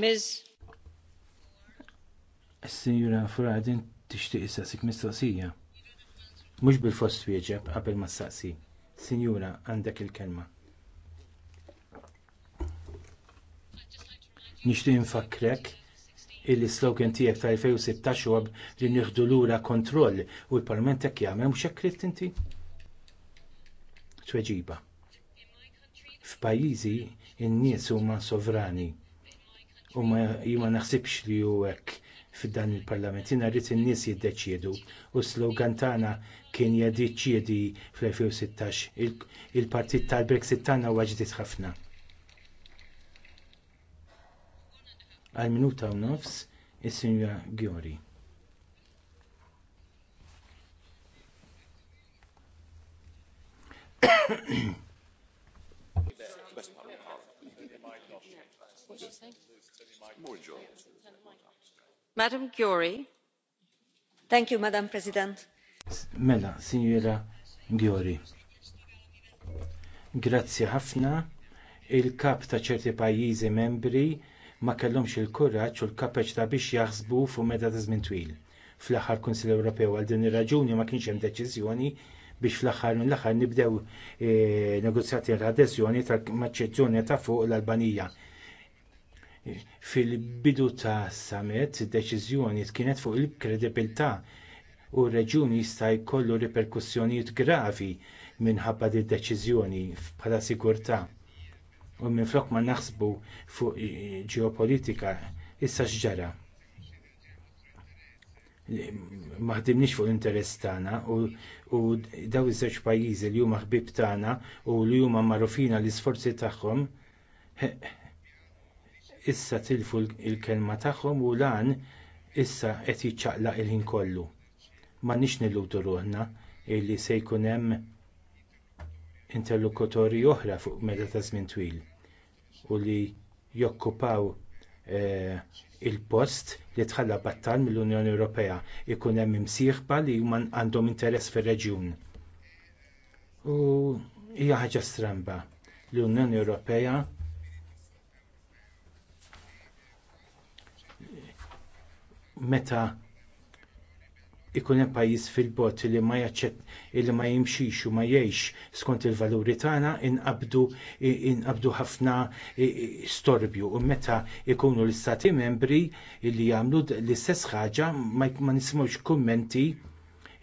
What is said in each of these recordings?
Ms. Signora Furadin tixtieq issaqsik mistoqsija. Mhux bil-fost wieġeb qabel ma staqsi. Sinjura, għandek il-kelma. Nixtieq infakrek il-slogan tiegħek tal-2016 huwa li nieħdu lura kontroll u l-Parlament hekk jagħmel mhux hekk trid inti? Tweġiba. F'pajjiżi n-nies huma sovrani u ma naħsibx li hu hekk fid-dan il-parlament. Jina rrit in-nies jiddeċiedu u slogan tagħna kien jiddeċiedi fl-2016 il-partit tal-Brexit tagħna huwa ġdid ħafna. Għal minuta u nofs is-Sinja Gjori. Madam Thank you, Madam President. Mela, Sinjura Gyori. Grazzi ħafna. Il-kap ta' ċerti pajjiżi membri ma kellhomx il-kuraġġ u l-kapaċità biex jaħsbu fuq meta ta' żmien twil. Fl-aħħar Kunsill Ewropew għal din ir-raġuni ma kienx hemm deċiżjoni biex fl-aħħar l aħħar nibdew eh, negozjati l adeżjoni tal-Maċedonja ta' fuq l-Albanija. Fil-bidu ta' summit, deċiżjoni kienet fuq il-kredibilità u r-reġjun jista' jkollu riperkussjonijiet gravi minħabba di deċiżjoni bħala sigurtà. U minflok ma naħsbu fuq ġeopolitika issa x'ġara. Ma ħdimniex fuq l-interess tagħna u daw iż-żewġ pajjiżi li huma ħbieb tagħna u li huma magħrufina l-isforzi tagħhom issa tilfu l-kelma tagħhom u lan issa qed jiċċaqlaq il-ħin kollu. Ma nix ruħna illi se jkun hemm interlokutori oħra fuq meta ta' żmien twil u li jokkupaw eh, il-post li tħalla battal mill-Unjoni Ewropea ikun hemm imsieħba li huma għandhom interess fir-reġjun. U hija ħaġa stramba l-Unjoni Ewropea meta ikun hemm pajjiż fil-bot li ma jaċċett li ma jimxix u ma jgħix skont il-valuri tagħna inqabdu inqabdu ħafna storbju u meta ikunu l-istati membri li jagħmlu l-istess ħaġa ma nisimgħux kummenti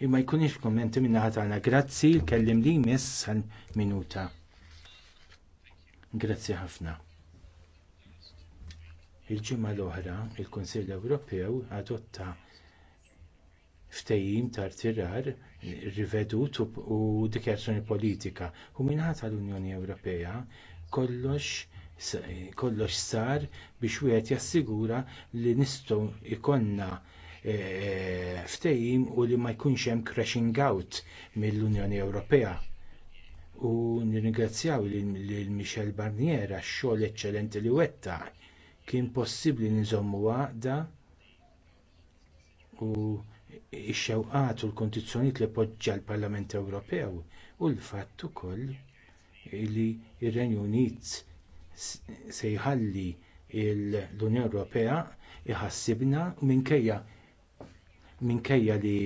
imma jkunx kummenti min naħa tagħna. Grazzi, kellim li jmiss minuta. Grazzi ħafna. Il-ġimgħa l-oħra, il-Kunsill Ewropew adotta ftehim tar tirar rivedut u dikjarazzjoni politika u minħat l unjoni Ewropea kollox kollox sar biex wieħed jassigura li nistgħu ikonna e, ftehim u li ma jkunx hemm crashing out mill-Unjoni Ewropea. U nirringrazzjaw lil Michel Barnier għax-xogħol eċċellenti li wettaq kien possibbli niżommu għaqda u x l-kondizzjonijiet li poġġa l-Parlament Ewropew u l-fatt ukoll li r-Renju Unit se jħalli l-Unjoni Ewropea iħassibna minkejja minkejja li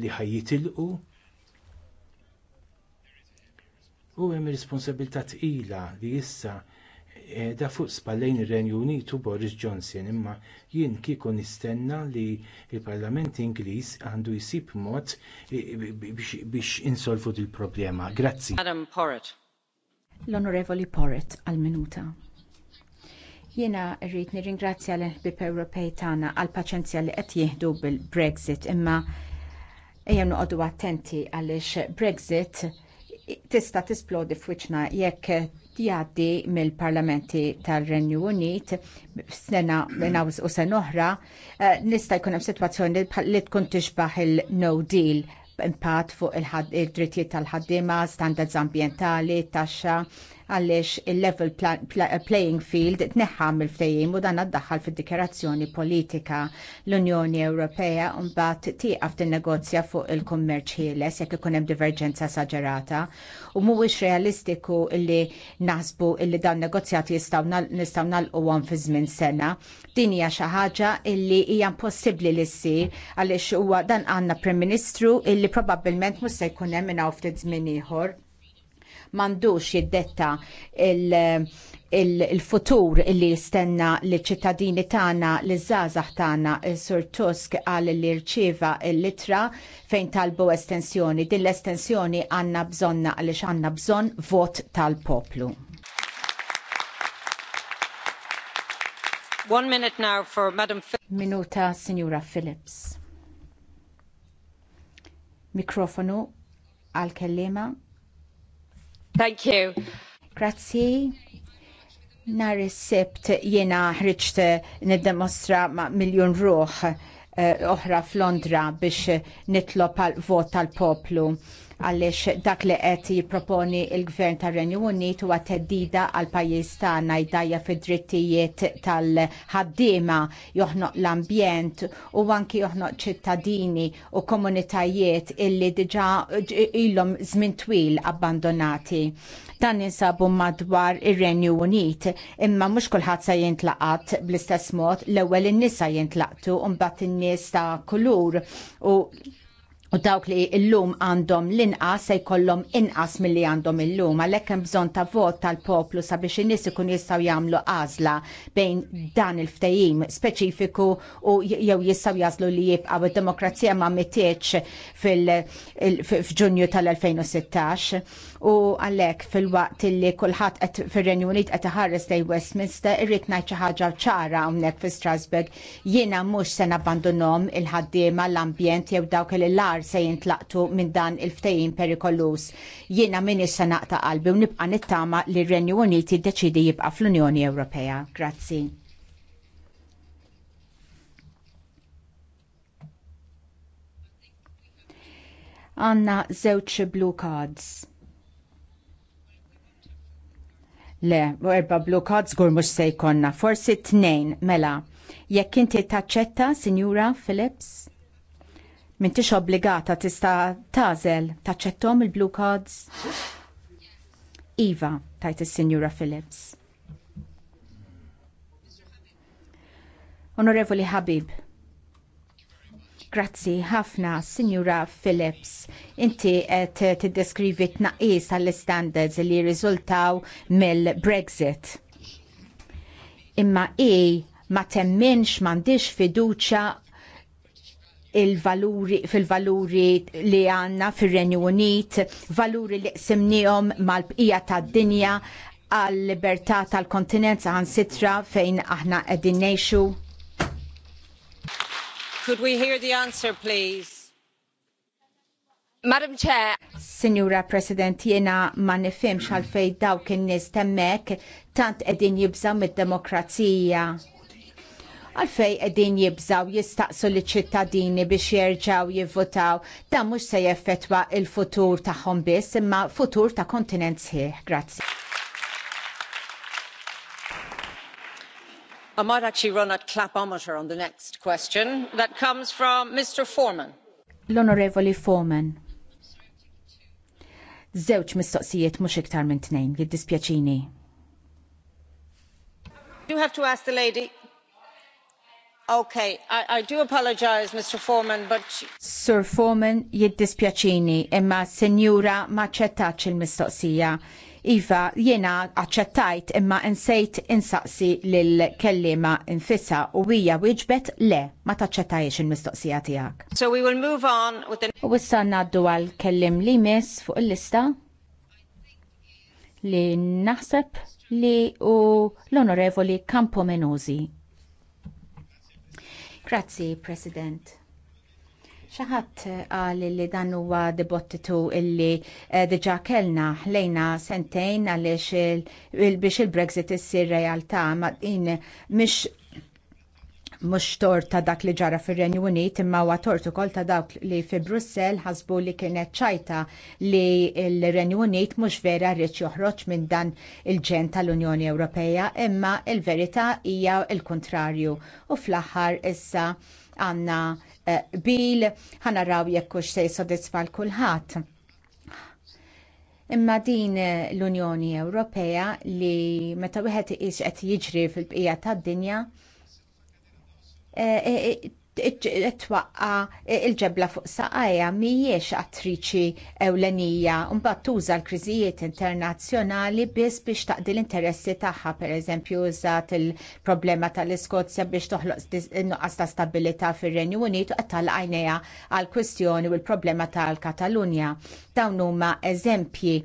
li ħajjitilqu u hemm responsabilità tqila li issa da fuq spallejn ir-Renju Unitu Boris Johnson imma jien kieku nistenna li l parlament Ingliż għandu jsib mod biex insolvu il problema Grazzi. Adam Porritt. L-Onorevoli Porritt għal-minuta. Jiena rrid nirringrazzja l-ħbib Ewropej tagħna għall-paċenzja li qed jieħdu bil-Brexit imma ejja noqogħdu attenti għaliex Brexit tista' tisplodi f'wiċċna jekk jgħaddi mill-parlamenti tal-Renju Unit sena u sen oħra eh, nista' jkun hemm sitwazzjoni li tkun tixbaħ il-no deal impatt fuq il drittijiet tal-ħaddiema, standards ambjentali, taxxa, għaliex il-level playing field tneħħa mill-ftehim u dan addaħħal fid-dikjerazzjoni politika. L-Unjoni Ewropea mbagħad din tinnegozja fuq il-kummerċ ħieles jekk ikun hemm diverġenza saġerata u mhuwiex realistiku li naħsbu li dan negozjati nistgħu nagħlquhom fi żmien sena. Din hija xi ħaġa illi hija impossibbli li ssir għaliex huwa dan għandna Prim Ministru illi probabbilment mhux se jkun hemm minn ftit żmien ieħor m'għandux jiddetta il- il-futur il li jistenna li ċittadini tagħna li żgħażagħ tagħna sur Tusk għal li rċieva l-litra fejn talbu estensjoni. Din l-estensjoni għandna bżonna għaliex għandna bżonn vot tal-poplu. One minute now for Madam Minuta Signora Phillips. Mikrofonu għal-kellima Thank you. Grazzi. Nar jena ħriċt jiena niddemostra ma' miljun ruħ Eh, oħra f'Londra biex nitlob għal vot tal-poplu għaliex dak li qed jipproponi l gvern tar-Renju Unit huwa teddida għal pajjiż tagħna jdajja fid-drittijiet tal-ħaddiema joħnoq l-ambjent u anki joħnoq ċittadini u komunitajiet illi diġà ilhom żmien twil abbandonati dan jinsabu madwar ir-Renju Unit, imma mhux kulħadd se jintlaqat bl-istess mod l-ewwel in-nisa jintlaqtu u mbagħad in-nies ta' kulur u U dawk li illum għandhom l-inqas se jkollhom inqas milli għandhom illum għalhekk hemm bżonn ta' vot tal-poplu sabiex in-nies ikun jistgħu jagħmlu għażla bejn dan il-ftehim speċifiku u jew jistgħu jażlu li jibqgħu id-demokrazija ma mitiex fil-ġunju tal-2016 u għalhekk fil-waqt li kulħadd qed fir-Renju Unit qed iħares lejn Westminster irrid ngħid xi ħaġa ċara hawnhekk fi Strasbourg jiena mhux se nabbandunhom il-ħaddiema l-ambjent jew dawk il-lar se jintlaqtu minn dan il-ftejjin perikolus. Jiena minn issa naqta qalbi u nibqa' nittama li r-Renju Unit jiddeċidi jibqa' fl-Unjoni Ewropea. Grazzi. Għanna zewċ blue cards. Le, erba blue cards gur mux se Forsi forsi nejn mela. Jekk inti taċċetta, Sinjura Phillips? M'intix obbligata tista' tażel taċċettom il-blue cards. Iva, tajt is-Sinjura Phillips. Onorevoli Habib, Grazzi ħafna, Signora Phillips. Inti qed tiddeskrivi tnaqqis għall-standards li riżultaw mill-Brexit. Imma i ma temminx m'għandix fiduċja fil-valuri li għanna fil-Renju Unit, valuri li semnijom mal-bqija tad-dinja għal-libertà tal-kontinent saħansitra fejn aħna qegħdin ngħixu. Could we hear the answer, please? Madam Chair. Signora President, jena ma nifimx għalfej dawk in-nies temmek tant qegħdin jibżaw mid-demokrazija għalfej edin jibżaw jistaqsu li ċittadini biex jerġaw jivvotaw dan mux se jeffetwa il-futur taħħom biss imma futur ta' kontinent sħiħ. Grazzi. I might actually run a clapometer on the next question that comes from Mr. Foreman. L-Onorevoli Foreman. Zewċ mistoqsijiet mux iktar minn tnejn, jiddispjaċini. You have to ask the lady Okay, I, do apologize, Mr. Foreman, but... Sir Foreman, jiddispjaċini, imma senjura ma ċettaċ il-mistoqsija. Iva, jiena aċċettajt imma insejt insaqsi lill-kellima infissa u hija wieġbet le, ma taċċettajx il-mistoqsija tiegħek. So we will move on with the... U issa ngħaddu għal kellim li miss fuq il-lista li naħseb li u l-onorevoli Campo Menosi. Grazzi, President ċaħat eh, għal li dan huwa dibattitu illi eh, diġà kellna lejna sentejn għaliex biex il-Brexit issir realtà ma din mish mhux tort ta' dak li ġara fir-Renju Unit imma huwa tort ukoll ta' dawk li fi Brussell ħasbu li kienet ċajta li l-Renju Unit mhux vera rrid joħroġ minn dan il-ġen tal-Unjoni Ewropea imma il-verità hija l-kontrarju u fl-aħħar issa għandna eh, bil ħanaraw jekk hux se jsodisfa l-kulħadd. Imma din l-Unjoni Ewropea li meta wieħed iqis qed jiġri fil-bqija tad-dinja Eh, eh, it twaqqa eh, il-ġebla fuq saqajja mhijiex attriċi ewlenija mbagħad tuża l-kriżijiet internazzjonali biss biex taqdi l-interessi tagħha pereżempju użat il-problema tal-Iskozja biex toħloq nuqqas ta' stabilità fir-Renju Unit u qattal għajnejha għal kwistjoni u l-problema tal-Katalunja. Dawn huma eżempji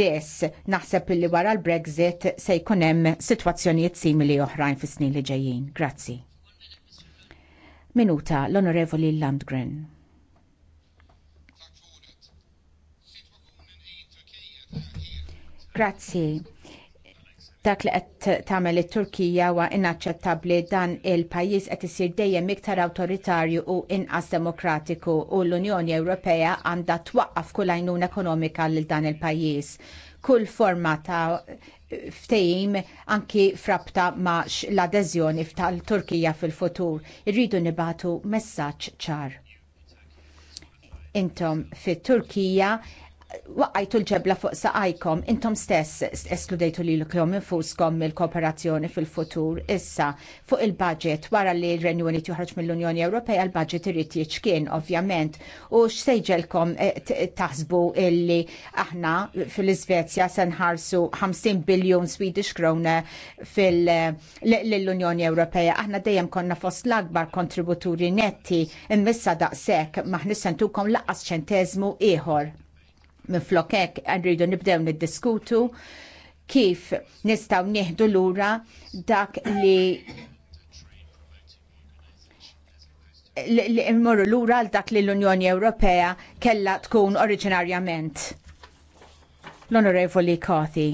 biss naħseb li wara l-Brexit se jkun hemm sitwazzjonijiet simili oħrajn fis-snin li ġejjin. Grazzi. Minuta l-Onorevoli Landgren. Grazzi dak li qed tagħmel it-Turkija huwa inaċċettabbli dan il-pajjiż qed isir dejjem iktar awtoritarju u inqas demokratiku u l-Unjoni Ewropea għandha twaqqaf kull għajnuna ekonomika lil dan il-pajjiż kull forma ta' ftejim anki frabta ma' l-adeżjoni tal-Turkija fil-futur. Irridu nibatu messaġġ ċar. Intom fit-Turkija waqajtu l-ġebla fuq saqajkom, intom stess eskludejtu li l kjom infuskom il-kooperazzjoni fil-futur issa fuq il-budget wara li l renju Unit joħroġ mill-Unjoni Ewropea l budget irrid jiċkien ovvjament u x'sejġelkom eh, taħsbu illi aħna fil-Iżvezja se nħarsu 50 biljun Swedish krona fil-Unjoni Ewropea. Aħna dejjem konna fost l-akbar kontributuri netti immissa daqshekk maħnissentukom laqqas ċentezmu ieħor minn flokek rridu nibdew niddiskutu kif nistaw nieħdu lura dak li li immorru lura għal dak li l-Unjoni Ewropea kella tkun oriġinarjament. L-Onorevoli Kathy.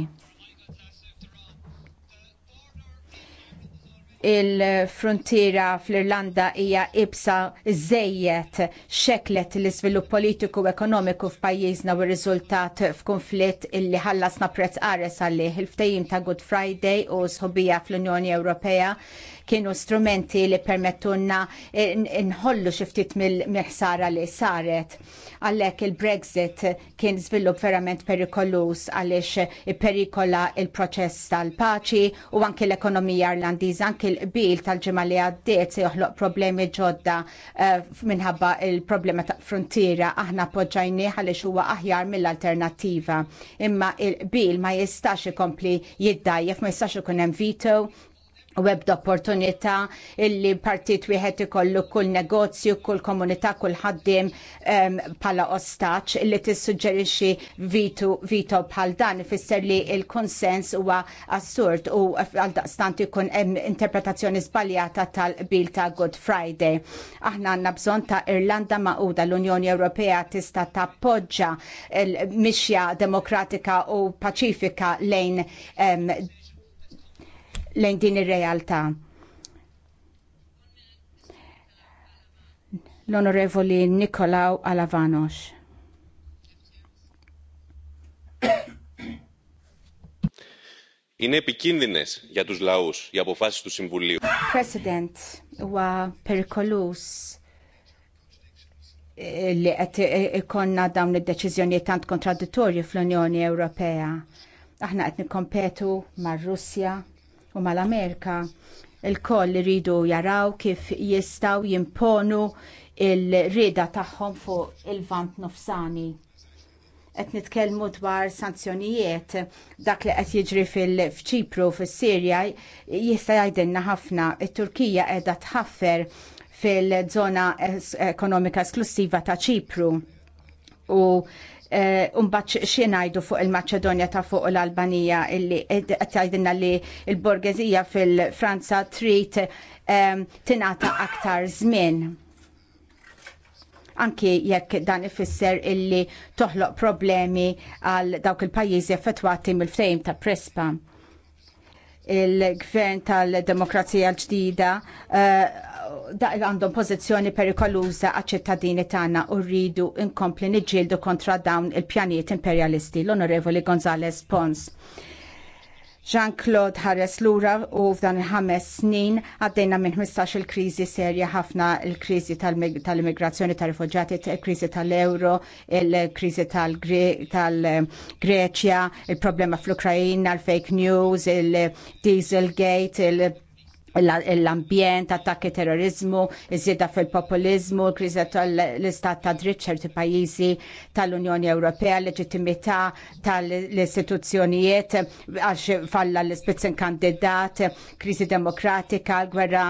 il-frontiera fl-Irlanda hija ibsa żejjed xeklet l-iżvilupp politiku u ekonomiku f'pajjiżna u r-riżultat f'konflitt illi ħallasna prezz qares għalih il-ftehim ta' Good Friday u sħobija fl-Unjoni Ewropea kienu strumenti li permettunna nħollu xiftit mill mihsara li saret. Għallek il-Brexit kien żvilupp verament perikolus għaliex perikola il-proċess tal-paċi u anke l-ekonomija irlandiża anke l bil tal-ġimgħa li għaddiet se joħloq problemi ġodda eh, minħabba il-problema ta' frontiera aħna poġġajni għaliex huwa aħjar mill-alternattiva. Imma il bil ma jistax ikompli jiddajjef, ma jistax ikun hemm veto web d'opportunità illi partit wieħed ikollu kull negozju, kull komunità, kull ħaddiem ehm, bħala pala ostaċ illi tissuġġerixxi vitu vito bħal dan ifisser li il-konsens huwa assurd u għaldaqstant ikun hemm interpretazzjoni żbaljata tal-bil ta' Good Friday. Aħna għandna bżonn ta' Irlanda maquda l-Unjoni Ewropea tista' tappoġġa l-mixja demokratika u paċifika lejn um, lejn din ir-realtà. L-Onorevoli Nikolaw Alavanos. είναι επικίνδυνε για του λαού οι αποφάσει του Συμβουλίου. President, wa perikolus eh, li qed ikonna dawn id-deċiżjonijiet tant kontradittorji fl-Unjoni Ewropea. Aħna qed nikkompetu mar-Russja, u mal-Amerika il-koll rridu jaraw kif jistaw jimponu il-rida tagħhom fuq il-vant nofsani. Qed nitkellmu dwar sanzjonijiet dak li qed jiġri fil-ċipru fis-Sirja jista' jgħidilna ħafna. It-Turkija qiegħda tħaffer fil-żona ekonomika esklusiva ta' ċipru u Eh, xie najdu fuq il-Maċedonja ta' fuq l-Albanija illi għattajdinna li il-borgezija fil-Franza trit ehm, tinata aktar zmin. Anki jekk dan ifisser illi toħloq problemi għal dawk il-pajjiżi effettwati mill-ftejm ta' Prespa il-gvern tal-demokrazija l-ġdida eh, da' għandhom pożizzjoni perikoluża għaċ-ċittadini tagħna u rridu nkompli niġġieldu kontra dawn il-pjanijiet imperjalisti l-Onorevoli Gonzales Pons. Jean-Claude ħares lura u f'dan il-ħames snin għaddejna minn 15 il-krizi serja ħafna il-krizi tal-immigrazzjoni tal-rifugġati, il-krizi tal-euro, il-krizi tal-Greċja, il-problema fl-Ukrajina, il-fake news, il-Dieselgate, il l-ambjent, attakki terrorizmu, iżjeda fil-populizmu, kriża tal-istat ta' dritt ċerti pajjiżi tal-Unjoni Ewropea, leġittimità tal-istituzzjonijiet għax falla l-spitzen kandidat, kriżi demokratika, gwerra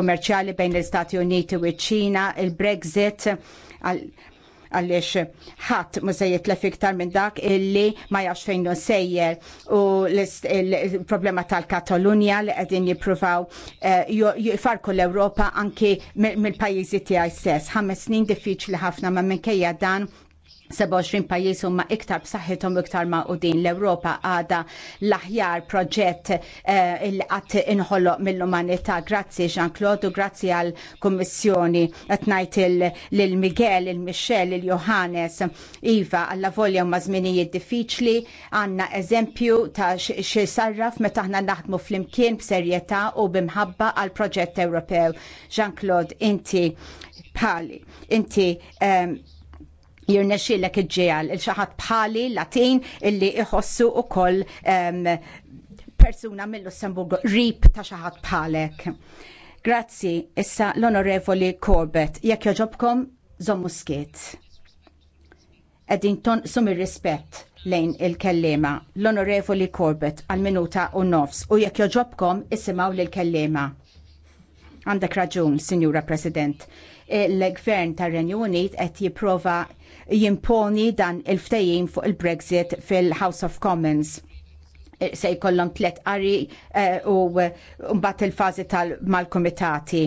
kommerċjali bejn l-Istati Uniti u ċ-Ċina, il-Brexit, għaliex ħadd ma se jitlef iktar minn dak illi ma jax fejn sejjer u l-problema tal-Katalunja li qegħdin jippruvaw eh, jfarku l-Ewropa anki mill-pajjiżi tiegħi stess. Ħames snin diffiċli ħafna ma minkejja dan 27 pajis huma iktar b'saħħithom iktar maqudin l-Ewropa għada l-aħjar proġett eh, il qatt inħolloq mill-umanità. Grazzi Jean-Claude u grazzi għall kummissjoni qed ngħid lil Miguel, il michel il Johannes, Iva alla volja ma żminijiet diffiċli, għandna eżempju ta' xi sarraf meta aħna naħdmu flimkien b'serjetà u bimħabba għal proġett Ewropew. Jean-Claude, inti pali, inti um, jirnexilek iġġial il-xaħat bħali latin illi iħossu u koll um, persuna mill-Lussemburgu rip ta' xaħat bħalek. Grazzi, issa l-onorevoli Corbett, jekk joġobkom zommu skiet. Edin ton sum rispett lejn il-kellema, l-onorevoli Corbett għal-minuta u nofs, u jekk joġobkom isimaw l-kellema. Għandek raġun, Signora President, il-Gvern tar renju Unit qed jipprova jimponi dan il-ftejjim fuq il-Brexit fil-House of Commons. Eh, se jkollhom tliet qari eh, u eh, mbagħad il-fażi tal-mal-kumitati.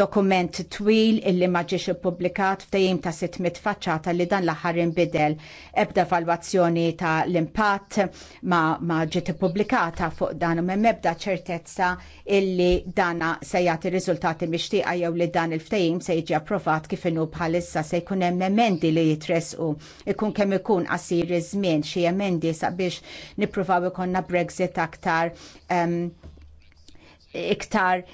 Dokument twil illi ma ġiex ippubblikat f'dejjem ta' 600 faċċata li dan l-aħħar inbidel. Ebda valwazzjoni ta' l-impatt ma, ma ġiet ippubblikata fuq dan u m'hemm ebda ċertezza illi dana se jagħti riżultati mixtieqa jew li dan il-ftehim se jiġi approvat kif inhu bħalissa se jkun hemm emendi li jitresqu ikun kemm ikun qasir iż-żmien xi emendi sabiex nippruvaw ikonna Brexit aktar um, iktar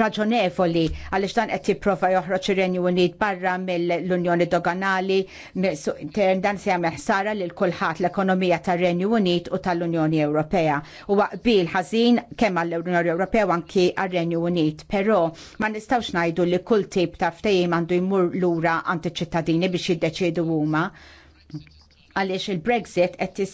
raġonevoli għaliex dan qed jipprova joħroġ ir-Renju Unit barra mill-Unjoni Doganali, dan se jagħmel ħsara lil kulħadd l-ekonomija tar-Renju Unit u tal-Unjoni Ewropea. U qbil ħażin kemm għall-Unjoni Ewropea u anki għar-Renju Unit, però ma nistgħux ngħidu li kull tip ta' ftehim għandu jmur lura għand iċ-ċittadini biex jiddeċiedu huma għaliex il-Brexit qed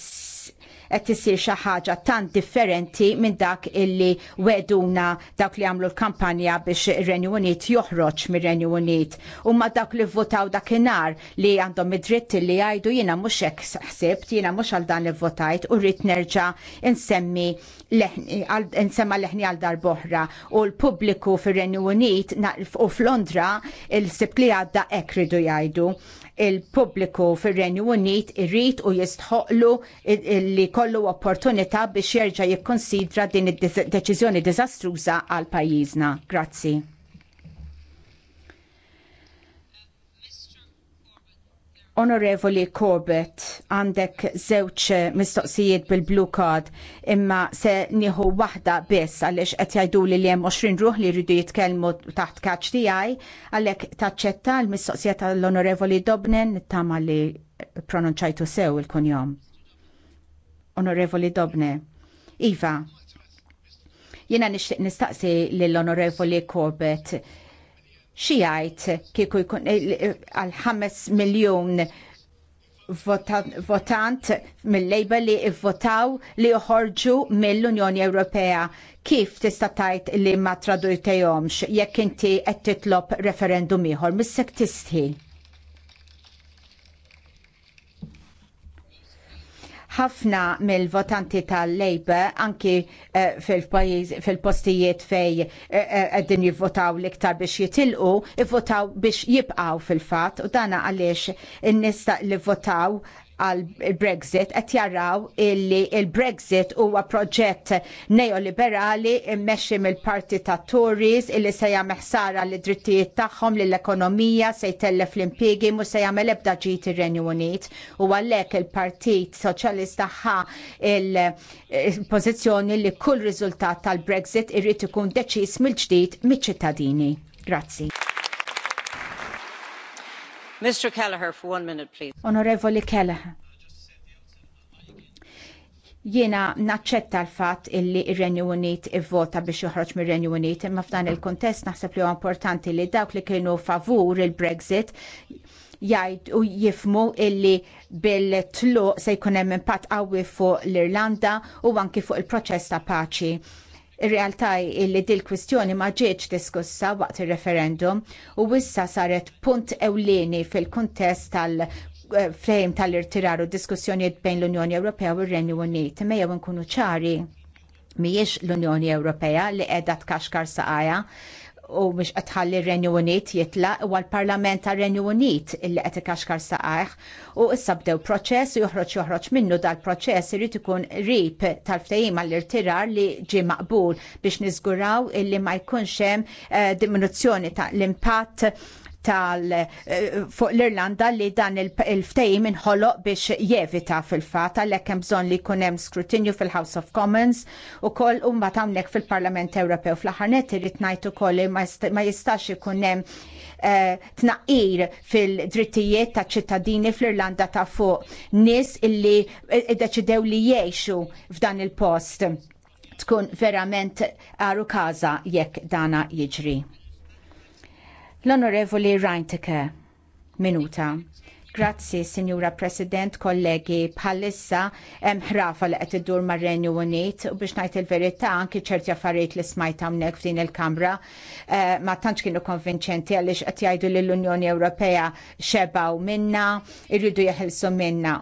qed issir xi ħaġa tant differenti minn dak illi weduna dak li għamlu l-kampanja biex ir-Renju Unit joħroġ mir-Renju Unit. U ma dak li votaw dakinhar li għandhom id-dritt li jgħidu jiena mhux hekk ħsibt, jiena mhux għal dan li votajt u rrid nerġa' insemmi insemma leħni għal dar boħra. u l-pubbliku fir-Renju Unit u f'Londra il-sibt li għadda ekridu jgħidu il-pubbliku fir-Renju Unit irrit u jistħoqlu li kollu opportunità biex jerġa' jikkonsidra din id-deċiżjoni diżastruża għal pajjiżna. Grazzi. Onorevoli Corbett, għandek zewċ mistoqsijiet bil-Blue Card, imma se nieħu waħda biss għaliex qed jgħidu li hemm 20 ruħ li jridu jitkellmu taħt kaċ tiegħi, għalhekk taċċetta l-mistoqsija tal-Onorevoli Dobnen tama li pronunċajtu sew il-kunjom. Onorevoli Dobne, Iva, jiena nixtieq nistaqsi lill-Onorevoli Corbett xi jgħid kieku jkun eh, eh, għal 5 miljun votant mill-lejba li votaw li uħorġu mill-Unjoni Ewropea. Kif tista' tajt li ma tradujtejomx jekk inti qed titlob referendum ieħor Missek tistħi. ħafna mill-votanti tal-Labor anki eh, fil-postijiet fej eh, eh, għeddin jivvotaw l-iktar biex jitilqu, jivvotaw biex jibqaw fil-fat u dana għaliex n-nista li votaw għal brexit qed jaraw illi il-Brexit huwa proġett neoliberali immexxi mill-parti ta' Tories illi se jagħmel ħsara li drittijiet tagħhom lill ekonomija se jtellef l-impjiegi mhux se jagħmel ebda ġid ir-Renju Unit u għalhekk il-Partit Soċjalista ħa il-pożizzjoni eh, li kull riżultat tal-Brexit irrid ikun deċiż mill-ġdid miċ-ċittadini. Grazzi. Mr. Kelleher for one minute, please. Onorevoli Kelleher. Jiena naċċetta l-fatt illi ir-Renju Unit ivvota biex joħroġ mir-Renju Unit, imma f'dan il-kontest naħseb li huwa importanti li dawk li kienu favur il-Brexit jgħid u jifmu illi bil-tluq se jkun hemm impatt qawwi fuq l-Irlanda u anki fuq il-proċess ta' paċi Ir-realtà illi dil kwistjoni ma ġietx diskussa waqt ir-referendum u issa saret punt ewlieni fil-kuntest tal- eh, frame tal-irtirar u diskussjonijiet bejn l-Unjoni Ewropea u r-Renju Unit. Mejja nkunu ċari mhijiex l-Unjoni Ewropea li qiegħda tkaxkar saqajja u mhux qed ħalli r-Renju Unit jitlaq u l-Parlament tar-Renju Unit illi qed kaxkar saqajh u issa bdew proċess u joħroġ joħroġ minnu dal-proċess irid ikun rip tal ftajim għall-irtirar li ġie maqbul biex nizguraw illi ma jkunx hemm eh, diminuzzjoni ta' l-impatt tal eh, fuq l-Irlanda li dan il-ftejim inħoloq biex jevita fil-fat għalhekk hemm bżonn li jkun hemm skrutinju fil-House of Commons u koll u mbagħad hawnhekk fil-Parlament Ewropew fl-aħħar net irid ngħid ukoll li ma jistax ikun hemm eh, tnaqir fil-drittijiet ta' ċittadini fl-Irlanda ta' fuq nis illi eh, deċidew li jiexu f'dan il-post tkun verament għaru kaza jekk dana jiġri. L-Onorevoli Reintke, minuta. Grazzi, Sinjura President, kollegi, bħalissa hemm ħrafa li qed iddur mar-Renju Unit u biex ngħid il-verità anki ċerti affarijiet li smajt hawnhekk f'din il-Kamra eh, ma tantx kienu konvinċenti għaliex qed jgħidu li l-Unjoni Ewropea xebaw minna, irridu jeħilsu minna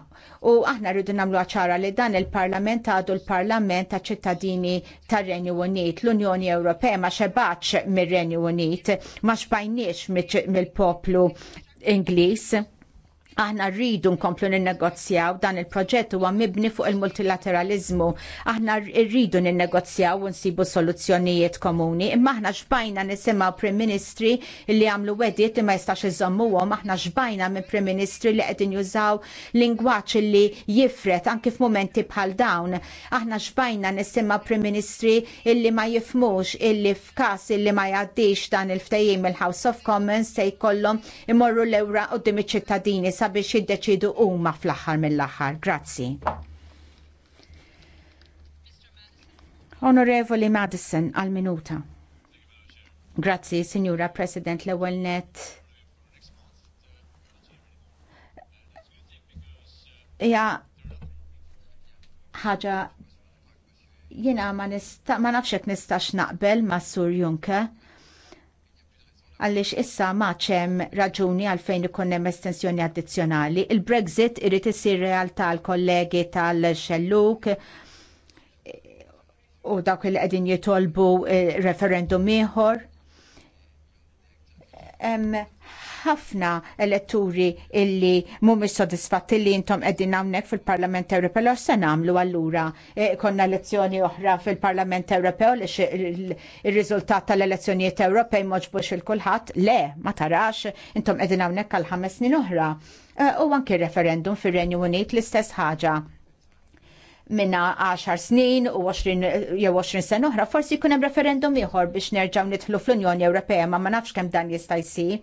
U aħna rridu nagħmlu ċara li dan il-Parlament għadu l-Parlament ta' ċittadini tar renju Unit, l-Unjoni Ewropea ma xebaċ mir renju Unit, ma xbajniex mill-poplu Ingliż Aħna rridu nkomplu ninnegozjaw dan il-proġett huwa mibni fuq il-multilateralizmu. Aħna rridu ninnegozjaw u nsibu soluzzjonijiet komuni. Imma aħna xbajna nisimgħu Prim Ministri li għamlu wedit li ma jistax iżommuhom, aħna xbajna minn Prim Ministri li qegħdin jużaw lingwaġġ li jifret anke f'mumenti bħal dawn. Aħna xbajna nisimgħu Prim Ministri illi ma jifmux illi f'każ illi ma jgħaddix dan il-ftehim il-House of Commons se jkollhom imorru l-ewra qudiem iċ-ċittadini sabiex jiddeċidu huma fl-aħħar mill-aħħar. Grazzi. Onorevoli Madison għal minuta. Grazzi, Signora President l-ewwel net. Hija ħaġa jiena ma nista ma nafx nistax naqbel ma' Sur Juncker għaliex issa maċem raġuni għalfejn ikun hemm estensjoni addizzjonali. Il-Brexit irid isir realtà l-kollegi tal-xelluk u dak li qegħdin jitolbu eh, referendum ieħor ħafna elettori illi mhumiex sodisfatti li intom qegħdin hawnhekk fil-Parlament Ewropew għax se nagħmlu allura e, konna elezzjoni oħra fil-Parlament Ewropew li ir-riżultat tal-elezzjonijiet Ewropej moġbux il-kulħadd le ma tarax intom qegħdin hawnhekk għal ħames snin oħra. E, u għanki referendum fir-Renju Unit l-istess ħaġa minna 10 snin u 20 jew 20 sena oħra forsi jkun hemm referendum ieħor biex nerġgħu nidħlu fl-Unjoni Ewropea ma ma nafx kemm dan jista' jsir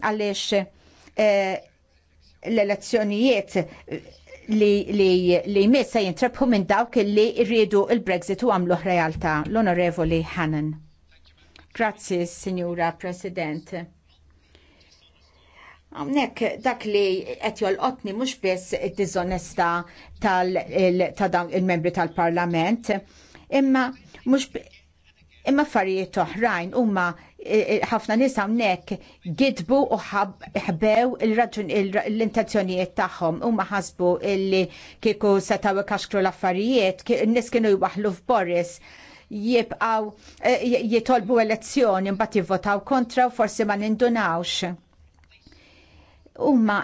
għaliex eh, l-elezzjonijiet li jmiss se jintrebħu minn dawk li rridu il brexit u għamluh realtà l-Onorevoli Hannan. Grazzi, Signora President. Għamnek dak li qed jolqotni mhux biss id-diżonesta tal-membri tal-Parlament, imma mhux Imma affarijiet oħrajn huma e, e, ħafna nies hawnhekk gidbu u ħbew l-intenzjonijiet tagħhom huma ħasbu illi kieku setgħu ikaxkru l-affarijiet, n-nies kienu jwaħlu f'Boris jibqaw e, jitolbu elezzjoni mbagħad jivvotaw kontra u forsi ma nindunawx. Huma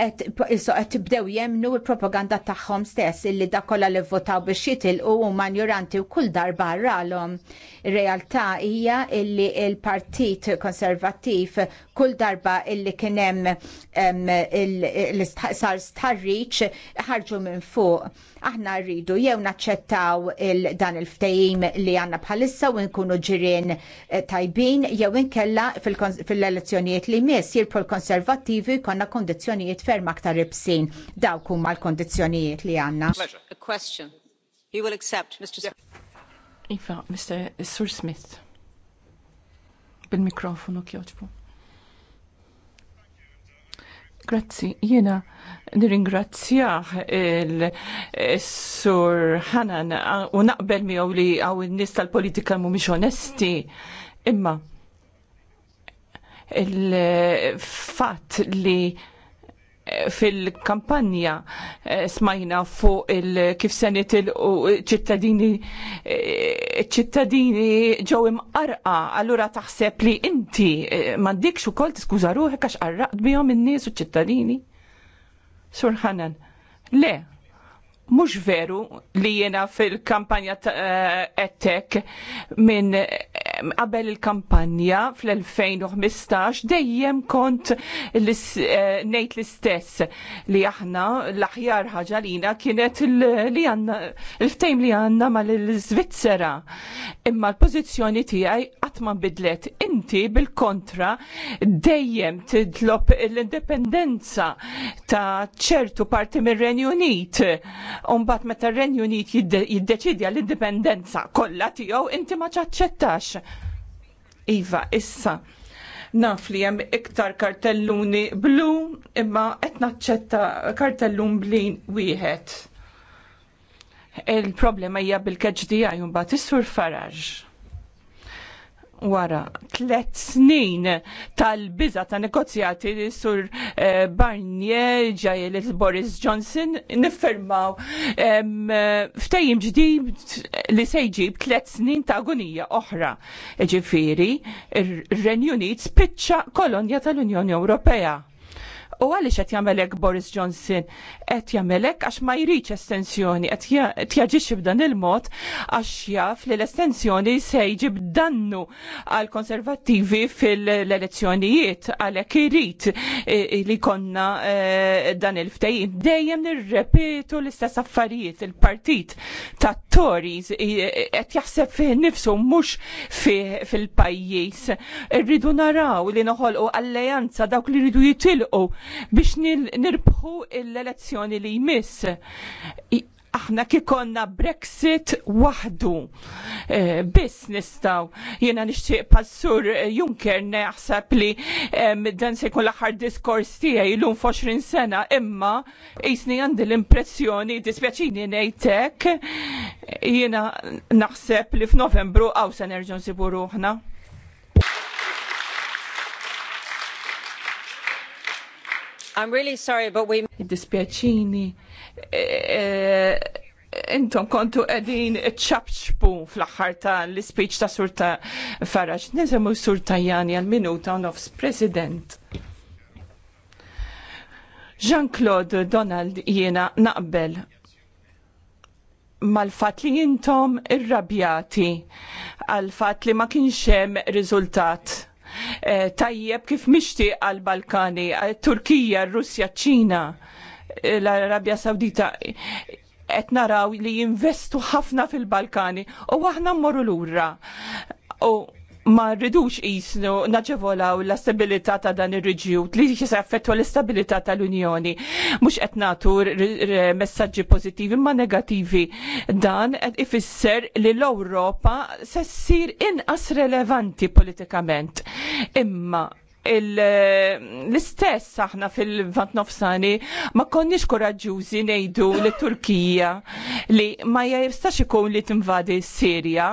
qed tibdew jemnu l-propaganda tagħhom stess illi dak li votaw biex jitilqu u manjuranti u kull darba ralhom. Ir-realtà hija illi l-Partit Konservattiv kull darba illi kien hemm sar starriċ ħarġu minn fuq. Aħna rridu jew naċċettaw il dan il-ftehim li għandna bħalissa u nkunu ġirien eh, tajbin jew inkella fil-elezzjonijiet li mis jirpu l-konservattivi konna kondizzjonijiet ferm aktar ibsin. Dawk huma l-kondizzjonijiet li għandna. A question. He will accept, Mr. Iva, Mr. Sur Smith. Bil-mikrofonu kjoċbu. Grazzi, jiena nirringrazzjah il-sur eh, Hanan u naqbel mi li għaw il-nis tal-politika mumiex onesti. Imma il-fat li fil-kampanja eh, smajna fuq kif senet il-ċittadini eh, ċittadini ġew imqarqa, allura taħseb li inti eh, m'għandikx ukoll tiskuża ruħek għax qarraqt bihom in-nies u ċittadini? Sur Hanan, le, mhux veru li jiena fil-kampanja ettek minn qabel il-kampanja fl-2015 dejjem kont eh, ngħid l-istess li aħna l-aħjar ħaġa kienet li għandna il-ftejm li għandna mal-Iżvizzera. Imma l-pożizzjoni tiegħi qatt ma bidlet. Inti bil-kontra dejjem tidlob l-indipendenza ta' ċertu parti mir-Renju Unit. Umbat meta r-Renju Unit jiddeċidja l-indipendenza kollha tiegħu inti ma ċaċċettax. Iva, issa naf li hemm iktar kartelluni blu imma qed naċċetta kartellun blin wieħed. Il-problema hija bil-keġdija jumbat is-sur Faraġ wara tlet snin tal-biża ta' negozjati li sur eh, Barnier li Boris Johnson niffermaw ftejim ġdid li se jġib tlet snin ta' agonija oħra. Ġifiri, ir-Renju Unit spiċċa kolonja tal-Unjoni Ewropea U għaliex qed jagħmelek Boris Johnson? Qed jagħmelek għax ma jridx estensjoni, qed jaġixxi b'dan il-mod għax jaf li l-estensjoni se jġib dannu għal konservattivi fil-elezzjonijiet għalhekk irid li konna eh, dan il-ftejjin. Dejjem nirrepetu l-istess affarijiet il-partit ta' Tories qed jaħseb fih nifsu mhux fil-pajjiż. Irridu naraw li noħolqu alleanza dawk li rridu jitilqu biex nirbħu l-elezzjoni li jmiss. Aħna kikonna Brexit wahdu. Eh, biss nistaw. Jena nixtieq passur Juncker naħseb li dan se jkun l-aħħar diskors tiegħi lum foxrin sena, imma jisni għandi l-impressjoni dispjaċini hekk. jiena naħseb li f'Novembru għaw se nerġgħu nsibu ruħna. I'm really sorry, but we... Dispjaċini. Eh, eh, intom kontu edin ċabċbu fl-axħar ta' l-speech ta' surta Faraġ. Nizemu surta Jani għal-minuta un nofs president. Jean-Claude Donald jiena naqbel mal-fat li jintom irrabjati għal-fat li ma kienx hemm riżultat Eh, tajjeb kif mixti għal-Balkani, eh, Turkija, Russja, ċina, eh, l-Arabja Sawdita qed naraw li jinvestu ħafna fil-Balkani u aħna mmorru lura. U ma rridux jisnu naġevolaw l-stabilità ta' dan ir-reġjut li jisa affettwa l-istabilità tal-Unjoni. Mhux qed nagħtu messaġġi pożittivi ma negattivi dan qed ifisser li l-Ewropa se ssir inqas relevanti politikament. Imma Eh, l-istess aħna fil-vant nofsani ma konniex koraġġużi nejdu li Turkija li ma jistax ikun li tinvadi Sirja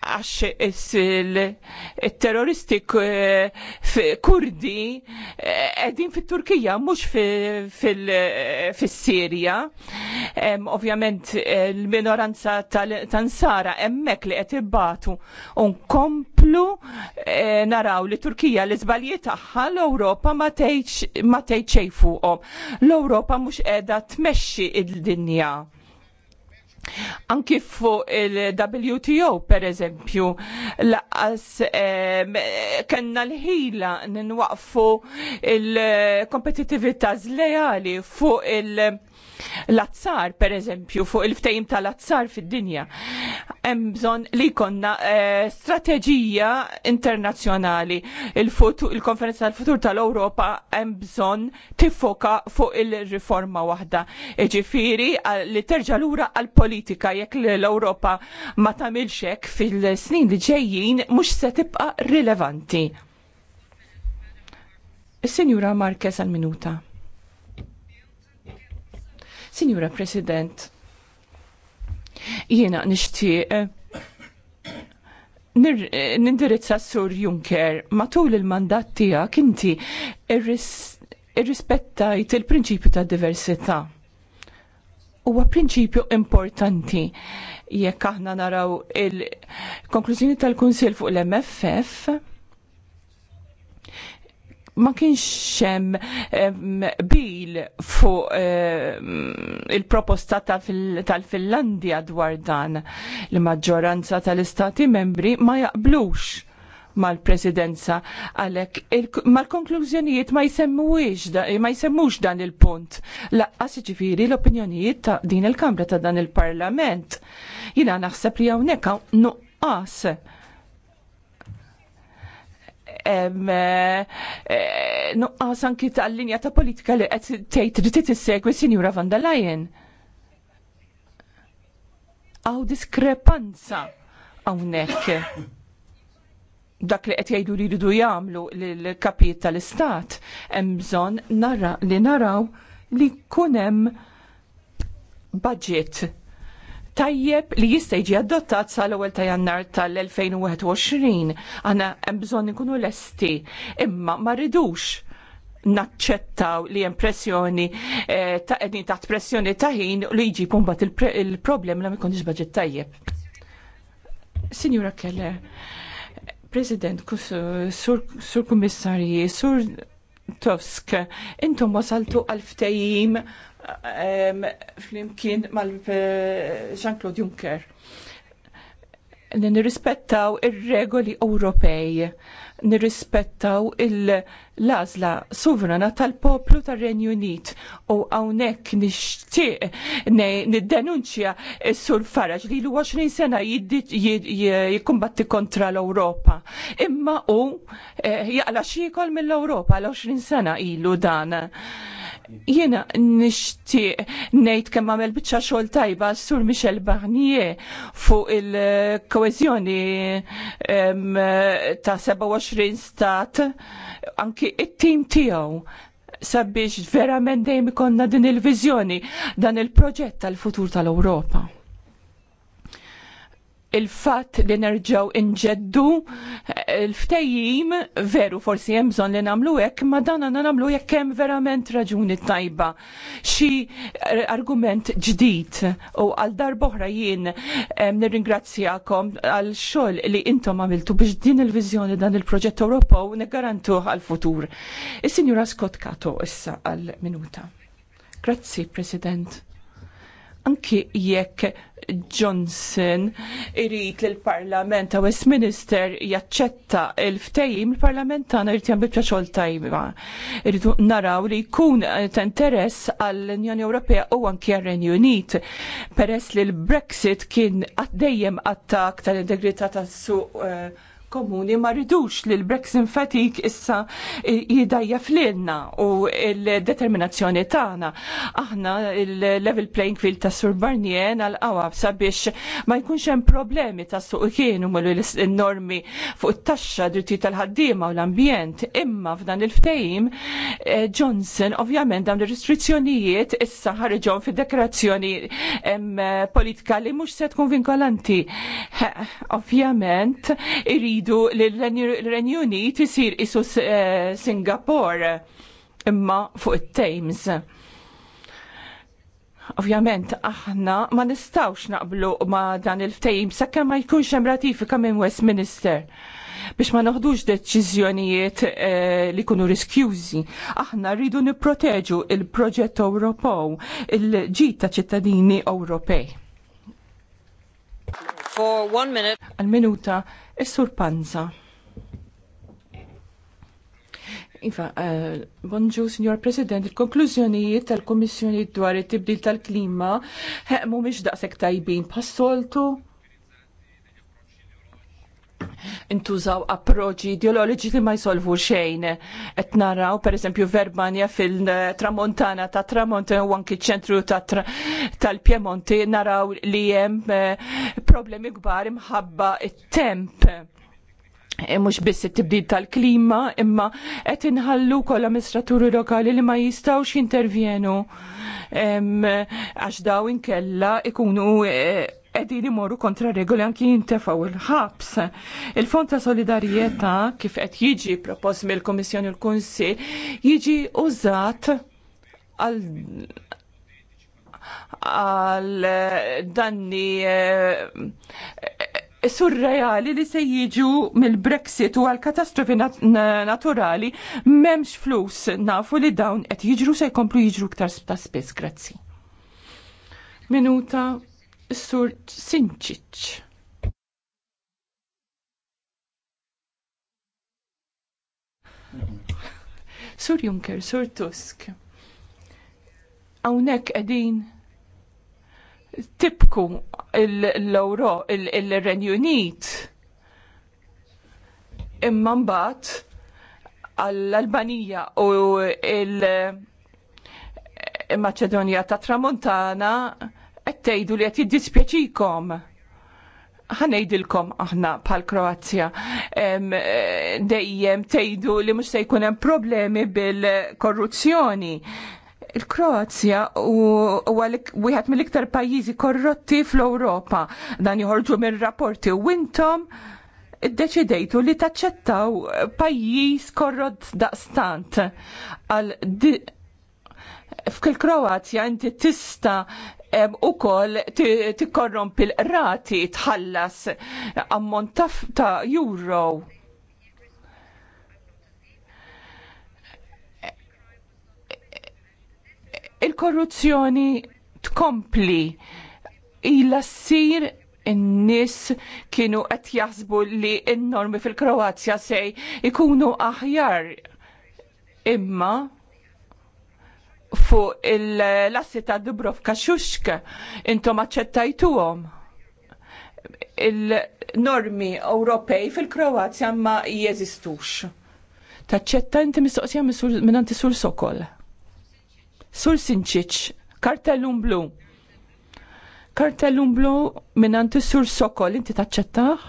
għax il-terroristi kurdi eh, edin fil-Turkija mux fil-Sirja eh, ovvjament il-minoranza tan-sara emmek li qed ibbatu unkom nkomplu e, eh, naraw li Turkija l iżbalji tagħha l-Ewropa ma tgħid xejn L-Ewropa mhux qiegħda tmexxi id-dinja. Anki fuq il-WTO, per eżempju, laqas kanna l-ħila ninwaqfu il-kompetitivita zlejali fuq il- l-azzar, per eżempju, fuq il-ftejim tal-azzar fid-dinja. Hemm bżonn li konna eh, strateġija internazzjonali. Il-konferenza il tal-futur tal-Ewropa hemm bżonn tifoka fuq il-riforma waħda. Ġifieri li terġa' lura għall-politika jekk l-Ewropa ma tagħmilx hekk fil-snin li ġejjin mhux se tibqa' rilevanti. Signora sinjura Marquez al minuta Signora President, jiena nixtieq eh, eh, nindirizza Sur Juncker matul il-mandat tiegħek inti irrispettajt il-prinċipju ta' diversità. Huwa prinċipju importanti jekk aħna naraw il-konklużjoni tal-Kunsill fuq l-MFF ma kienx hemm bil fuq il-proposta tal-Finlandja dwar dan. Il-maġġoranza tal-istati membri ma jaqblux mal-presidenza għalek mal-konklużjonijiet ma jisemmuwix ma jsemmux dan il-punt. Laqqas ġifiri l-opinjonijiet ta' din il-Kamra ta' dan il-Parlament. Jina naħseb li hawnhekk nuqqas Eh, eh, nuqqas anki tal-linja ta' politika li qed tgħid trid segwi Sinjura van der Leyen. Aw diskrepanza hawnhekk dak li qed jgħidu li ridu jagħmlu l-kapijiet tal-istat hemm bżonn nara li naraw li jkun hemm budget tajjeb li jista' jiġi adottat sal-ewwel ta' Jannar tal-2021. Għana hemm bżonn ikunu lesti, imma ma rridux naċċettaw li hemm pressjoni eh, ta' qegħdin taħt pressjoni ta' ħin li jiġi mbagħad il-problem li ma jkunx baġit tajjeb. Sinjura Keller, President, sur, sur kummissarji, sur Tusk, intom wasaltu għal-ftejim fl-imkien mal-Jean-Claude eh, Juncker li nirrispettaw ir-regoli Ewropej, nirrispettaw il-lazla sovrana tal-poplu tar-Renju Unit u hawnhekk nixtieq niddenunċja sur Faraġ li l 20 sena jikkumbatti kontra l-Ewropa. Imma hu eh, jaqla xikol mill-Ewropa l-20 sena ilu dan Jiena nixtieq ngħid kemm għamel biċċa xogħol tajba sur Michel Barnier fuq il-koeżjoni ta' 27 stat anki it-tim tiegħu sabiex verament dejjem ikonna din il-viżjoni dan il-proġett tal-futur tal-Ewropa. Il-fatt li nerġgħu inġeddu il-ftejjim veru forsi hemm bżonn li nagħmlu hekk, ma dan għandna nagħmlu jekk hemm verament raġuni tajba. Xi argument ġdid u għal darb'oħra jien nirringrazzjakom għal xogħol li intom għamiltu biex din il-viżjoni dan il-proġett Ewropew niggarantuh għal futur. Is-Sinjura Scott Kato issa għal minuta. Grazzi, President. Anki jekk Johnson irrit li l-Parlament ta' Westminster jaċċetta il-ftejim il-Parlament tagħna irid jagħmel biċċa xogħol tajba. Irridu naraw li jkun ta' interess għall-Unjoni Ewropea u anke għar-Renju Unit peress li l-Brexit kien għaddejjem attak tal-integrità tas-suq eh, komuni ma ridux li l-Brexit fatik issa jidajja fl u l-determinazzjoni tagħna. Aħna l-level playing field ta' Sur Barnier għal-qawab sabiex ma jkunx hemm problemi ta' suq kienu mal normi fuq it-taxxa dritti tal-ħaddiema u l-ambjent. Imma f'dan il-ftehim eh, Johnson ovvjament dawn ir-restrizzjonijiet issa ħarġon fid-deklarazzjoni politika li mhux se tkun vinkolanti. Ovvjament irid rridu l-Renju Unit isir isu eh, Singapore imma fuq it-Thames. Ovvjament, aħna ma nistawx naqblu ma dan il-ftejim sakke ma jkunx hemm ratifika minn Westminster biex ma noħdux deċiżjonijiet eh, li kunu riskjużi. Aħna rridu nipproteġu il-proġett Ewropew, il-ġid ta' ċittadini Ewropej. For one minute. Al-minuta Is-Sur Panza. Iva, uh, bonġu, Signor President, il-konklużjonijiet tal-Komissjoni dwar it-tibdil tal-klima eh, mhumiex daqshekk tajbin pas-soltu intużaw approċċi ideoloġiċi li ma jsolvu xejn. Qed naraw pereżempju Verbania fil-Tramontana ta' Tramont u anki ċentru tal-Piemonti naraw li hemm eh, problemi kbar imħabba it-temp. Eh, mux biss it-tibdil tal-klima, imma qed inħallu kol amministraturi lokali li ma jistawx jintervjenu għax daw inkella ikunu eh, edin imorru kontra regoli anki jintefaw il-ħabs. Il-Fond ta' Solidarieta kif qed jiġi propost mill-Komissjoni l-Kunsil jiġi użat għal għal danni eh, surreali li se jiġu mill-Brexit u għal katastrofi naturali memx flus nafu li dawn qed jiġru se jkomplu jiġru ktar ta' spiss, grazzi. Minuta Sur Sinčić. Sur Juncker, Sur Tusk, Awnek edin tibku l-Euro, l renju Unit, imma mbagħad għall-Albanija u l maċedonja ta' Tramontana qed tgħidu li qed jiddispjaċikom ħanejdilkom aħna pal Kroazja dejjem tgħidu li mhux se jkun hemm problemi bil-korruzzjoni. Il-Kroazja u wieħed mill-iktar pajjiżi korrotti fl-Ewropa dan joħorġu minn rapporti u intom iddeċidejtu li taċċettaw pajjiż korrott daqstant għal fil-Kroazja inti tista u kol tikkorrompi l-rati tħallas ammont ta' euro. Il-korruzzjoni tkompli il ssir in-nies kienu qed jaħsbu li n-normi fil-Kroazja se jkunu aħjar imma fuq il-lassi ta' Dubrovka xuxk intom aċċettajtuhom il-normi Ewropej fil-Kroazja ma jeżistux. Taċċetta inti mistoqsija minn anti sul sokol. Sul sinċiċ, kartellum blu. Kartellum blu minn għanti sur sokol, inti taċċettaħ?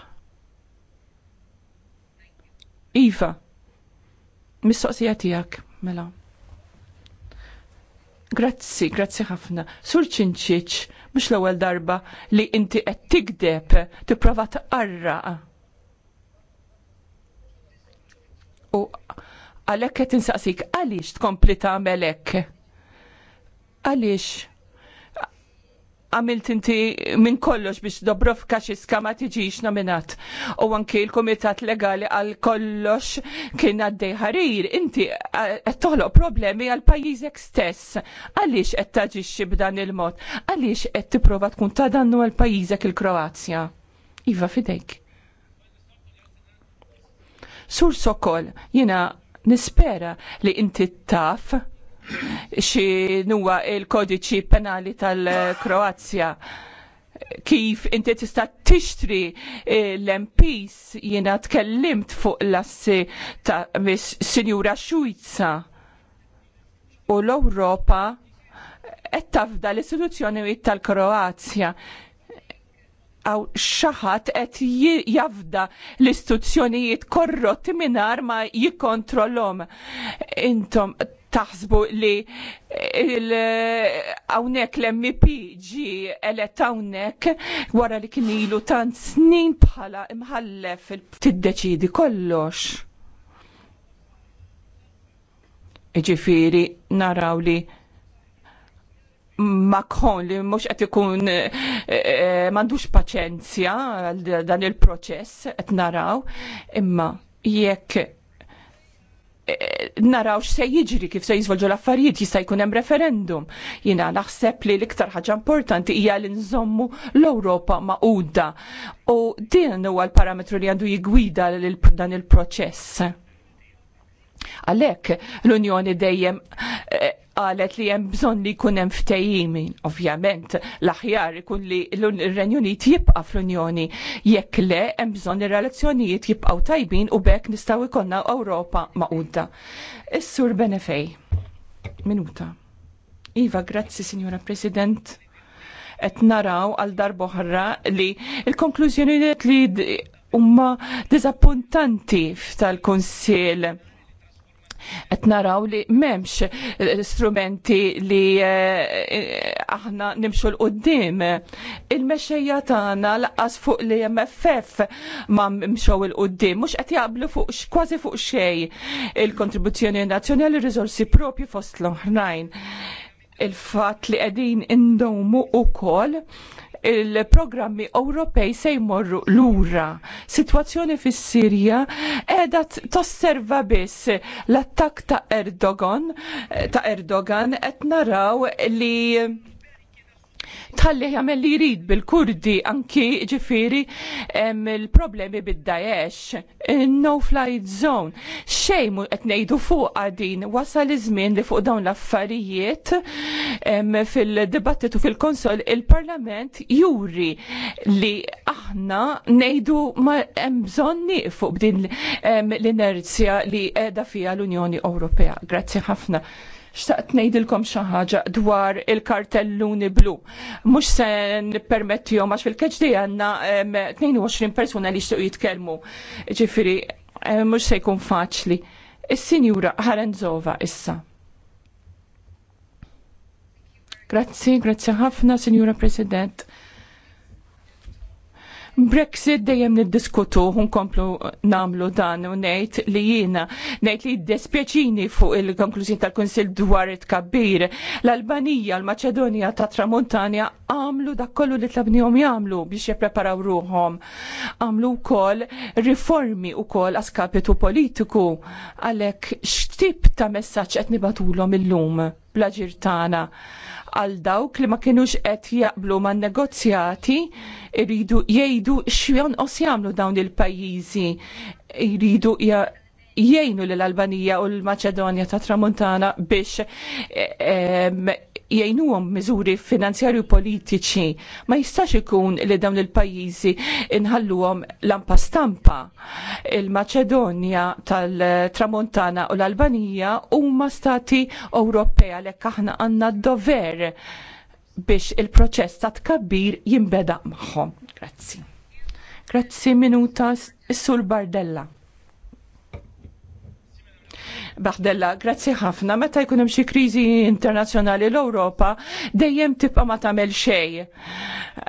Iva, mistoqsija tijak, mela. Grazzi, grazzi ħafna. Sur ċinċiċ, mux l-ewwel darba li inti qed tikdeb tipprova taqarra. U għalhekk qed insaqsik għaliex tkompli tagħmel hekk? Għaliex? għamilt inti minn kollox biex Dobrovka xiska ma tiġix nominat. U anki l-Komitat Legali għal kollox kien għaddej ħarir, inti qed toħloq problemi għal pajjiżek stess. Għaliex qed taġixxi b'dan il-mod? Għaliex qed tipprova tkun ta' dannu għal pajjiżek il-Kroazja? Iva fidejk. Sur Sokol, jina nispera li inti taf xi nuwa il-kodiċi penali tal-Kroazja kif inti tista tixtri l-MPs jiena tkellimt fuq l-assi ta' Sinjura Xujza u l-Ewropa qed tafda l-istituzzjoni tal-Kroazja għaw xaħat qed jafda l-istituzzjonijiet korrotti minar ma jikontrollom. Intom taħsbu li għawnek l-MP ġi elet għawnek wara li kien ilu tan snin bħala imħallef tiddeċidi kollox. Ġifiri naraw li Macron li mhux qed ikun eh, eh, m'għandux paċenzja għal dan il-proċess qed naraw, imma jekk eh, naraw x'se jiġri kif se jiżvolġu l-affarijiet jista' jkun hemm referendum. Jiena naħseb li l-iktar ħaġa importanti hija li nżommu l-Ewropa maquda u din huwa l-parametru li għandu jigwida dan il-proċess. Għalhekk l-Unjoni dejjem qalet li hemm bżonn li jkun hemm Ovvjament l-aħjar ikun li l-Renju Unit jibqa' fl-Unjoni jekk le hemm bżonn li relazzjonijiet jibqgħu tajbin u bekk nistgħu jkollna Ewropa maqudda. Is-Sur Benefej. Minuta. Iva, grazzi, Signora President. Et naraw għal darboħra li il-konklużjoni li umma dizappuntanti tal-Konsil qed naraw li m'hemmx eh, strumenti li eh, aħna nimxu l-qoddim. Il-mexxejja tagħna laqqas fuq li MFF ma mxew il-qoddim, mhux qed jaqblu fuq kważi fuq xejn il-kontribuzzjoni nazzjonali riżorsi propju fost l-oħrajn il-fat li qegħdin indomu ukoll il-programmi Ewropej se jmorru lura. Situazzjoni fis-Sirja qiegħda tosserva biss l-attakk ta' Erdogan eh, ta' Erdogan qed naraw li Talli jagħmel li jrid bil-Kurdi anki ġifiri il-problemi bid-Daesh, no flight zone. Xejn qed ngħidu fuq din wasal iż-żmien li fuq dawn l-affarijiet fil-dibattitu fil-konsol il-Parlament juri li aħna ngħidu ma hemm bżonn fuq din l-inerzja li qiegħda fiha l-Unjoni Ewropea. Grazzi ħafna xtaqt ngħidilkom xi ħaġa dwar il-kartelluni blu. Mhux se nippermettihom għax fil-keġdi għandna 22 persuna li jixtiequ jitkellmu. Ġifiri, mhux se jkun faċli. Is-Sinjura Ħarenzova issa. Grazzi, grazzi ħafna, Sinjura President. Brexit dejjem niddiskutu komplu namlu dan u ngħid li jina, ngħid li jiddispjaċini fuq il-konklużjoni tal-Kunsill dwar it-kabbir. L-Albanija, l-Maċedonja ta' Tramontania għamlu dak kollu li tlabnihom jagħmlu biex jippreparaw ruhom. Għamlu wkoll riformi wkoll askapitu politiku għalhekk x'tip ta' messaġġ qed nibatulhom illum lum blaġirtana għal dawk li ma kinux qed jaqblu man negozjati iridu jgħidu x'jonqos jagħmlu dawn il-pajjiżi jridu jgħinu l-Albanija u l-Maċedonja ta' Tramontana biex eh, jgħinuhom miżuri finanzjarju politiċi. Ma jistax ikun li dawn il-pajjiżi inħalluhom lampa stampa. Il-Maċedonja tal-Tramontana u l-Albanija huma stati Ewropea lek aħna għandna d-dover biex il-proċess ta' tkabbir jimbeda magħhom. Grazzi. Grazzi minuta s sur Bardella. Bardella, grazzi ħafna. Meta jkun hemm xi kriżi internazzjonali l-Ewropa dejjem tibqa' ma tagħmel xej.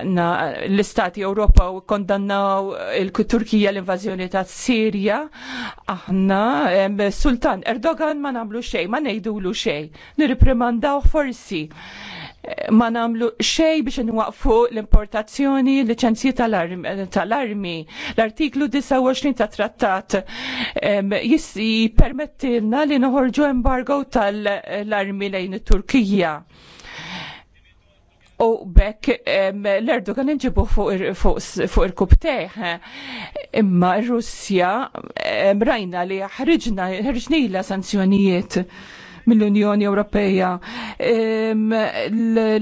L-Istati Ewropa kondannaw il-Turkija l-invażjoni ta' Sirja. Aħna Sultan Erdogan ma nagħmlu xej, ma ngħidulu xej. Nirriprimandaw forsi ma namlu xej biex nwaqfu l-importazzjoni licenzji tal-armi. L-artiklu 29 ta' trattat jispermettilna li noħorġu embargo tal-armi lejn it-Turkija. U bekk l erdu kan inġibu fuq il-kubteħ. Imma r Russja rajna li ħriġna, la sanzjonijiet mill-Unjoni Ewropeja.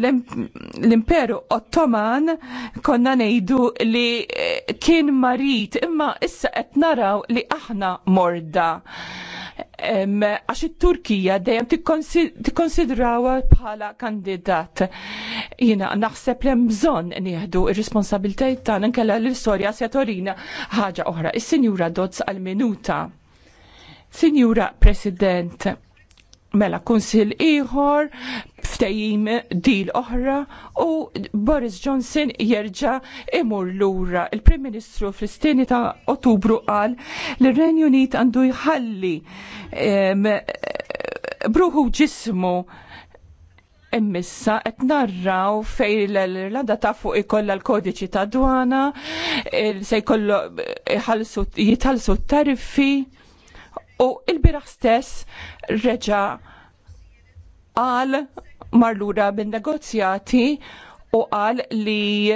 L-Imperu Ottoman konna nejdu li eh, kien marit imma issa qed naraw li aħna morda. Għax it-Turkija dejjem tikkonsidrawa bħala kandidat. Jina naħseb li bżonn nieħdu ir-responsabiltajiet tagħna nkella l-istorja se torina ħaġa oħra. Is-Sinjura Dodz għal-minuta. Sinjura President, mela kunsil ieħor ftejim dil oħra u Boris Johnson jerġa' imur lura. Il-Prim Ministru fl-istini ta' Ottubru qal li r-Renju Unit għandu jħalli bruħu ġismu immissa qed narraw fej l-Irlanda ta' fuq ikollha l-kodiċi ta' dwana, se jkollu jitħallsu t-tariffi u il-biraħ stess reġa għal marlura bin negozjati u għal li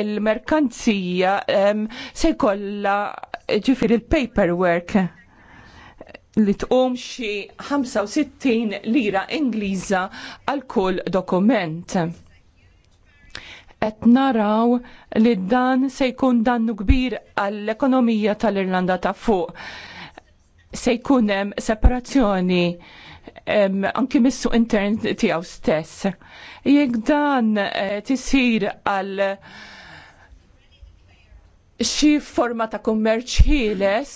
il-merkanzija se jkollha ġifir il-paperwork li tqum xi 65 lira Ingliża għal kull dokument. Qed naraw li dan se jkun dannu kbir għall-ekonomija tal-Irlanda ta' fuq se jkun hemm separazzjoni anki missu intern tiegħu stess. Jekk dan eh, tisir għal xi forma ta' kummerċ ħieles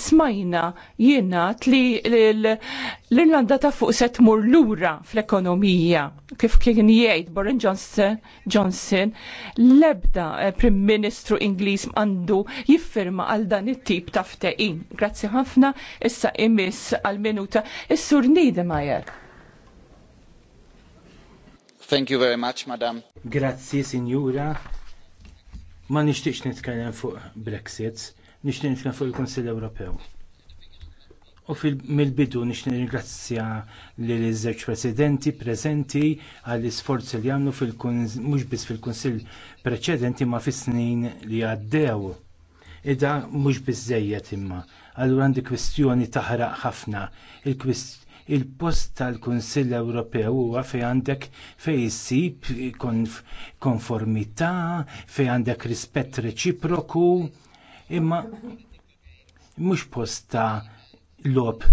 smajna jiena li l-Irlanda ta' fuq se tmur lura fl-ekonomija kif kien jgħid Boris Johnson, Johnson l-ebda eh, Prim Ministru Ingliż għandu jiffirma għal dan it-tip ta' ftehim. Grazzi ħafna issa imiss għal minuta is-Sur Niedermayer. Thank you very much, madam. Grazzi, signora ma nixtiex nitkellem fuq Brexit, nixtieq nitkellem fuq il-Kunsill Ewropew. U mill-bidu nixtieq nirringrazzja lil iż-żewġ presidenti preżenti għall isforzi li għamlu mhux biss fil-Kunsill preċedenti ma fis-snin li għaddew. Ida mhux biżżejjed imma. Allura għandi kwistjoni taħraq ħafna. il-kwistjoni il-post tal-Kunsill Ewropew huwa fejn għandek fejn issib konformità, fejn għandek rispett reċiproku, imma mhux post ta' lob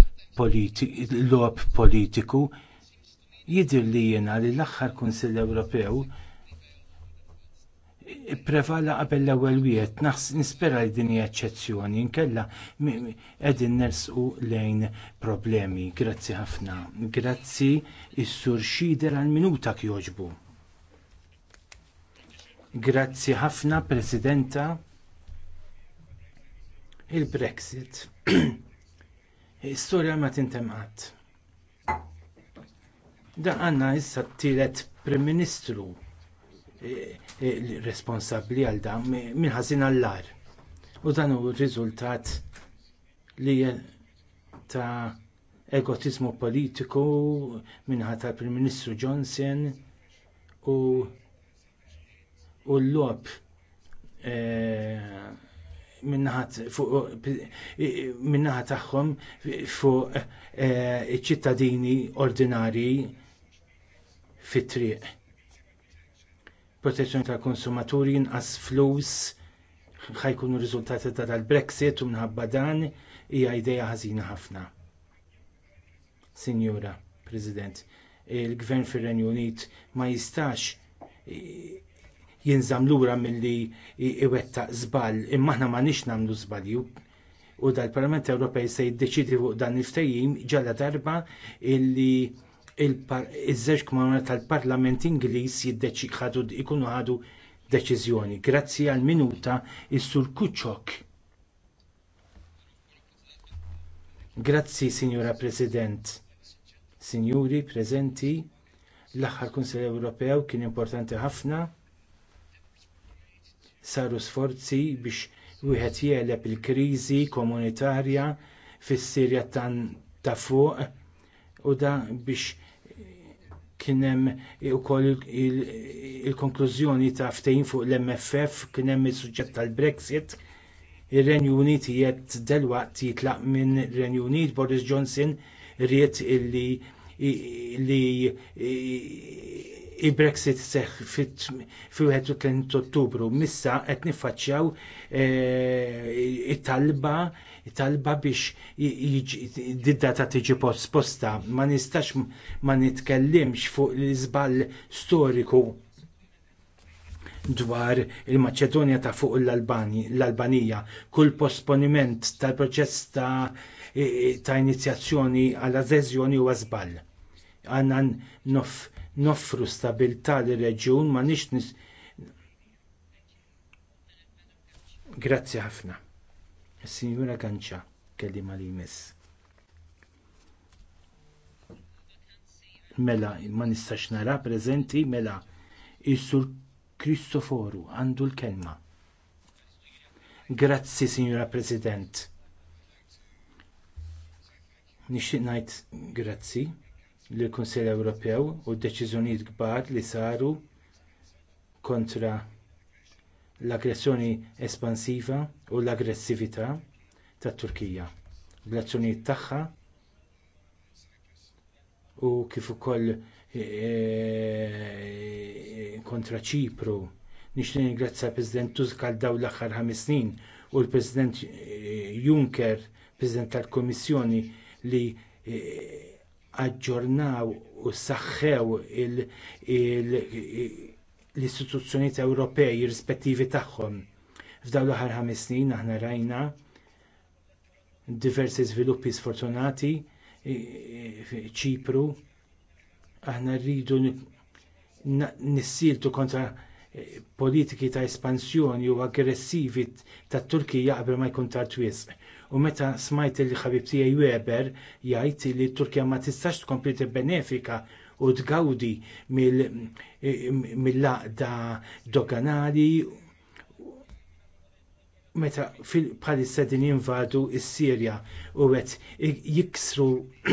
politiku jidhirli jiena li l-aħħar Kunsill Ewropew prevala qabel l-ewwel wieħed naħs nispera li din hija eċċezzjoni nkella qegħdin nersqu lejn problemi. Grazzi ħafna. Grazzi is-sur xider għal minuta kjoġbu. Grazzi ħafna Presidenta il-Brexit. Istorja ma tintemqat. Da għanna issa t-tielet Prim Ministru E, e, responsabbli għal dan minn ħażin għall-ar. U dan huwa r-riżultat li ta' egotizmu politiku minħat tal-Prim Ministru Johnson u u l-lob min e, minnaħat tagħhom fuq iċ-ċittadini ordinarji fit-triq protezzjoni tal-konsumaturi inqas flus ħajkunu riżultati ta' tal-Brexit u minħabba dan hija idea ħażina ħafna. Sinjura President, il-Gvern fir-Renju Unit ma jistax jinżam lura milli iwettaq żball, imma aħna m'għandniex nagħmlu żbalju. u dal-Parlament Ewropej se jiddeċidi fuq dan il-ftehim ġalla darba illi iż-żewġ kmanat tal-Parlament Ingliż jiddeċiħadu ikunu ħadu deċiżjoni. Grazzi għal minuta is-Sur Kuċok. Grazzi, Sinjora President. Sinjuri preżenti, l-aħħar Kunsill Ewropew kien importanti ħafna. Saru sforzi biex wieħed jeleb il-kriżi komunitarja fis-Sirja ta' fuq u da biex kienem u koll il-konklużjoni ta' ftejn fuq l-MFF kienem il-sujġet tal-Brexit ir-Renju Unit jett waqt jitlaq minn Renju Unit Boris Johnson riet illi li il-Brexit seħ fil-31 ottubru. Missa qed niffaċċjaw eh, it-talba talba biex id-data tiġi posposta. Ma nistax ma nitkellimx fuq l-iżball storiku dwar il-Maċedonja ta' fuq l-Albanija. Kull posponiment tal-proċess ta', ta inizjazzjoni għal adeżjoni huwa żball. Għandna nof, noffru stabilità lir reġjun ma nix Grazzi ħafna. Signora Kanċa, kellima li jmiss. Mela, ma nistax nara preżenti, mela, is sur Kristoforu għandu l-kelma. Grazzi, Signora President. Nixtieq ngħid grazzi lill kunsill Ewropew u d-deċiżjonijiet kbar li saru kontra l-aggressjoni espansiva u l-aggressività tat-Turkija. Bl-azzjonijiet tagħha u kif ukoll e, e, kontra ċipru. Nix ningrazzja President Tusk għal dawn l-aħħar ħames snin u l-President e, Juncker, President tal-Komissjoni li aġġornaw u saħħew l-istituzzjonijiet Ewropej rispettivi tagħhom F'dawn l-aħħar ħames snin aħna rajna diversi żviluppi sfortunati ċipru aħna rridu nissiltu kontra eh, politiki ta' espansjoni u aggressivi tat Turkija qabel ma jkun tard wisq. U meta smajt li ħabib tiegħi Weber jgħid li t Turkija ma tistax tkompli tibbenefika u tgawdi eh, mill-laqda doganali meta fil-palissa din jinvadu s sirja u għet jiksru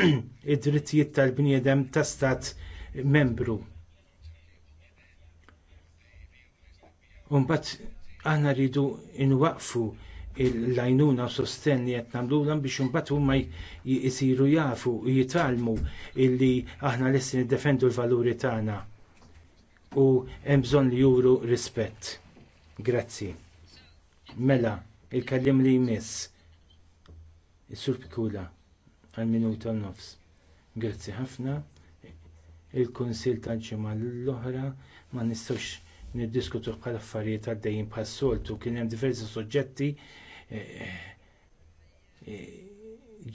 id-drittijiet tal-bniedem ta' stat membru. Umbat aħna rridu inwaqfu l-għajnuna u sosten li qed nagħmluhom biex imbagħad huma jisiru jafu u jitalmu illi aħna lesti niddefendu l-valuri tagħna u hemm bżonn li juru rispett. Grazzi. Mela, il-kallim li jmiss. Is-sur pikula għal minuta nofs. Grazzi ħafna. il kunsill tal-ġimgħa l-oħra ma nistgħux niddiskutu bħal affarijiet għaddejjin bħal soltu kien hemm diversi soġġetti eh, eh,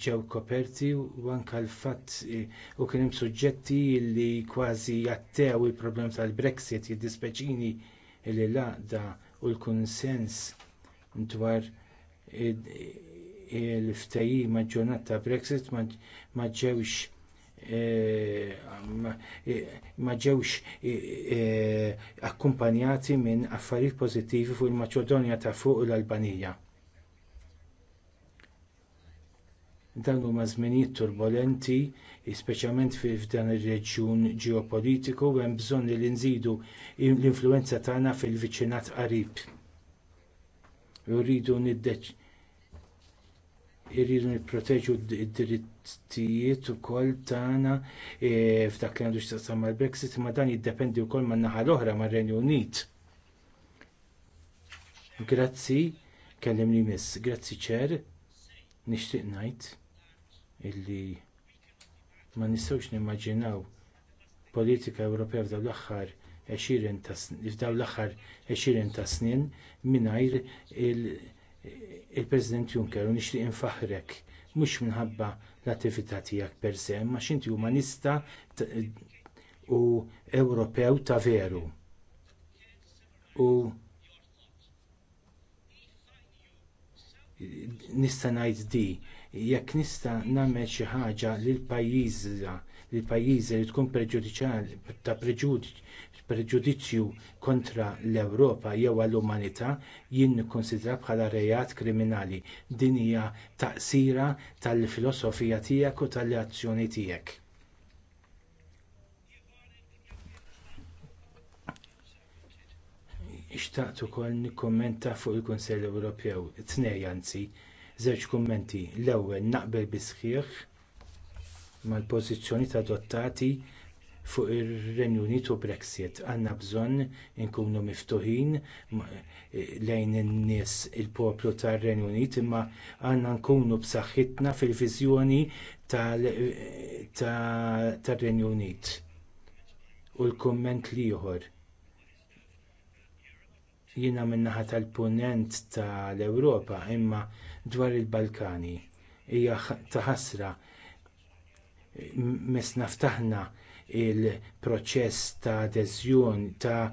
ġew koperti u anke l-fatt eh, u kien hemm suġġetti li kważi jattew il-problem tal-Brexit jiddispjaċini li l-għaqda u l-kunsens dwar il-ftajji maġġonat ta' Brexit ma ġewx e, e, e, akkumpanjati minn affarijiet pożittivi fuq il-Maċedonja ta' fuq l-Albanija. Dan huma żminijiet turbolenti, speċjalment f'dan ir-reġjun ġeopolitiku, hemm bżonn li nżidu l-influenza tagħna fil-viċinat qarib rridu niddeċ irridu nipproteġu d-drittijiet ukoll tagħna e, f'dak li għandu x'taqsam mal-Brexit ma dan jiddependi wkoll man-naħa l-oħra mar-Renju Unit. Grazzi, kellimni miss, grazzi ċer, nixtieq ngħid illi ma nistgħux nimmaġinaw politika Ewropea f'dawn l-aħħar F'daw l-aħħar 20 ta' snin mingħajr il-President Juncker u nixtieq infaħrek mhux minħabba l-attività tiegħek per se, imma x'inti umanista u Ewropew ta' veru. U nista' ngħid di jekk nista' nagħmel xi ħaġa lil pajjiża li pajjiżi li tkun ta' preġudizz preġudizzju kontra l-Ewropa jew għall-umanità jien nikkunsidra bħala reat kriminali. Din hija taqsira tal-filosofija tiegħek u tal-azzjoni tiegħek. Ixtaqt ukoll nikkummenta fuq il-Kunsell Ewropew, tnej anzi, żewġ kummenti. L-ewwel naqbel bi sħiħ mal-pożizzjoni adottati fuq ir-Renju Unit u Brexit. Għandna bżonn inkunu miftuħin e, lejn in-nies il-poplu tar-Renju Unit imma għandna nkunu b'saħħitna fil-viżjoni e, tar-Renju Unit. U l-kumment ieħor jiena min-naħa tal-punent tal-Ewropa imma dwar il-Balkani hija ta' ħasra mis naftaħna il-proċess ta' adeżjoni ta'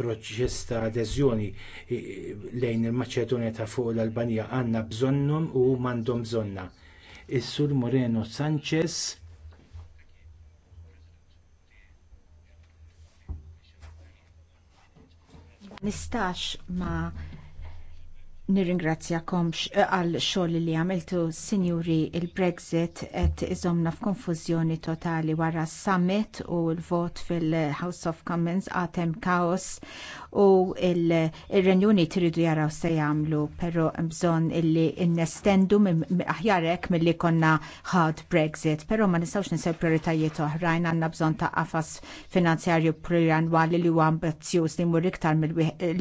proċess ta' adeżjoni lejn il-Maċedonja ta' fuq l-Albanija għandna bżonnhom u m'għandhom bżonna. Is-Sur Moreno Sanchez nistax ma' Nirringrazzjakomx eh, għal xogħol li għamiltu sinjuri il-Brexit qed iżomna f'konfużjoni totali wara s summit u l-vot fil-House of Commons għatem kaos u il-Renju Unit iridu jaraw se jagħmlu, però bżonn illi innestendu aħjarek mill-li konna hard Brexit, però ma nistgħux ninsew prioritajiet oħrajn għandna bżonn ta' qafas finanzjarju plurianwali li huwa ambizzjuż li mur iktar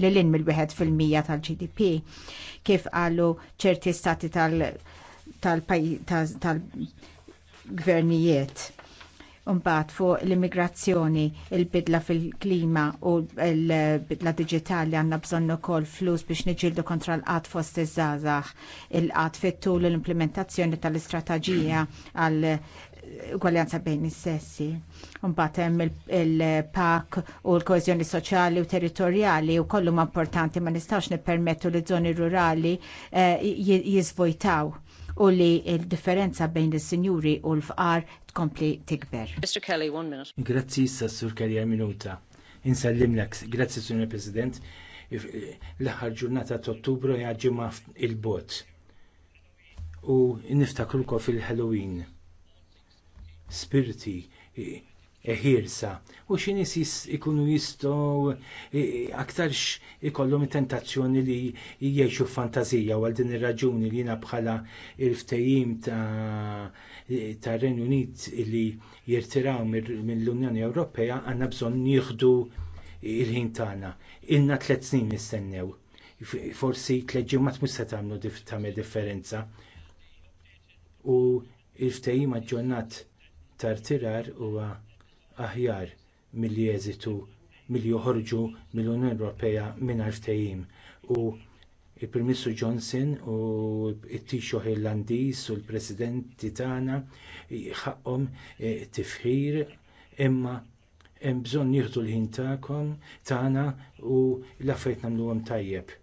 lil mill-1 fil-mija tal-GDP. Kif qalu ċerti stati tal-gvernijiet. Umbat fuq l-immigrazzjoni, il-bidla fil-klima u l-bidla digitali għanna bżonn ukoll flus biex niġildu kontra l-qat fost iż-żgħażagħ, il-qat fit-tul l-implementazzjoni tal-istrateġija għal gwaljanza bejn is-sessi. Mbagħad hemm il-pak u l-koeżjoni soċjali u territorjali u kollu ma importanti ma nistax nippermettu li żoni rurali eh, jiżvojtaw u li il differenza bejn is-sinjuri u l-fqar tkompli tikber. Mr. Kelly, one minute. Grazzi, Sassur Kelly, minuta. Insallimlek, grazzi, Sr. President. Eh, l-aħħar ġurnata ta' ottubru jaġġima il-bot. U niftakrukom fil-Halloween. Spiriti eh, ħirsa u xi nies ikunu jistgħu aktarx ikollhom tentazzjoni li jgħixu f'fantażija għal din ir-raġuni li jiena bħala il-ftehim ta' Renju Unit li jirtiraw mill-Unjoni Ewropea għandna bżonn nieħdu l ħin tagħna. Ilna tliet snin nistennew. Forsi tliet ġimgħat mhux se tagħmlu tagħmel differenza. U l-ftehim aġġornat tar-tirar huwa aħjar milli jeżitu milli joħorġu mill-Unjoni Ewropea mingħajr ftehim u l primissru Johnson u t-tixo Irlandiż u l-Presidenti tagħna ħaqhom e, tifħir imma hemm bżonn nieħdu l-ħin tagħkom tagħna u l-affarijiet nagħmluhom tajjeb.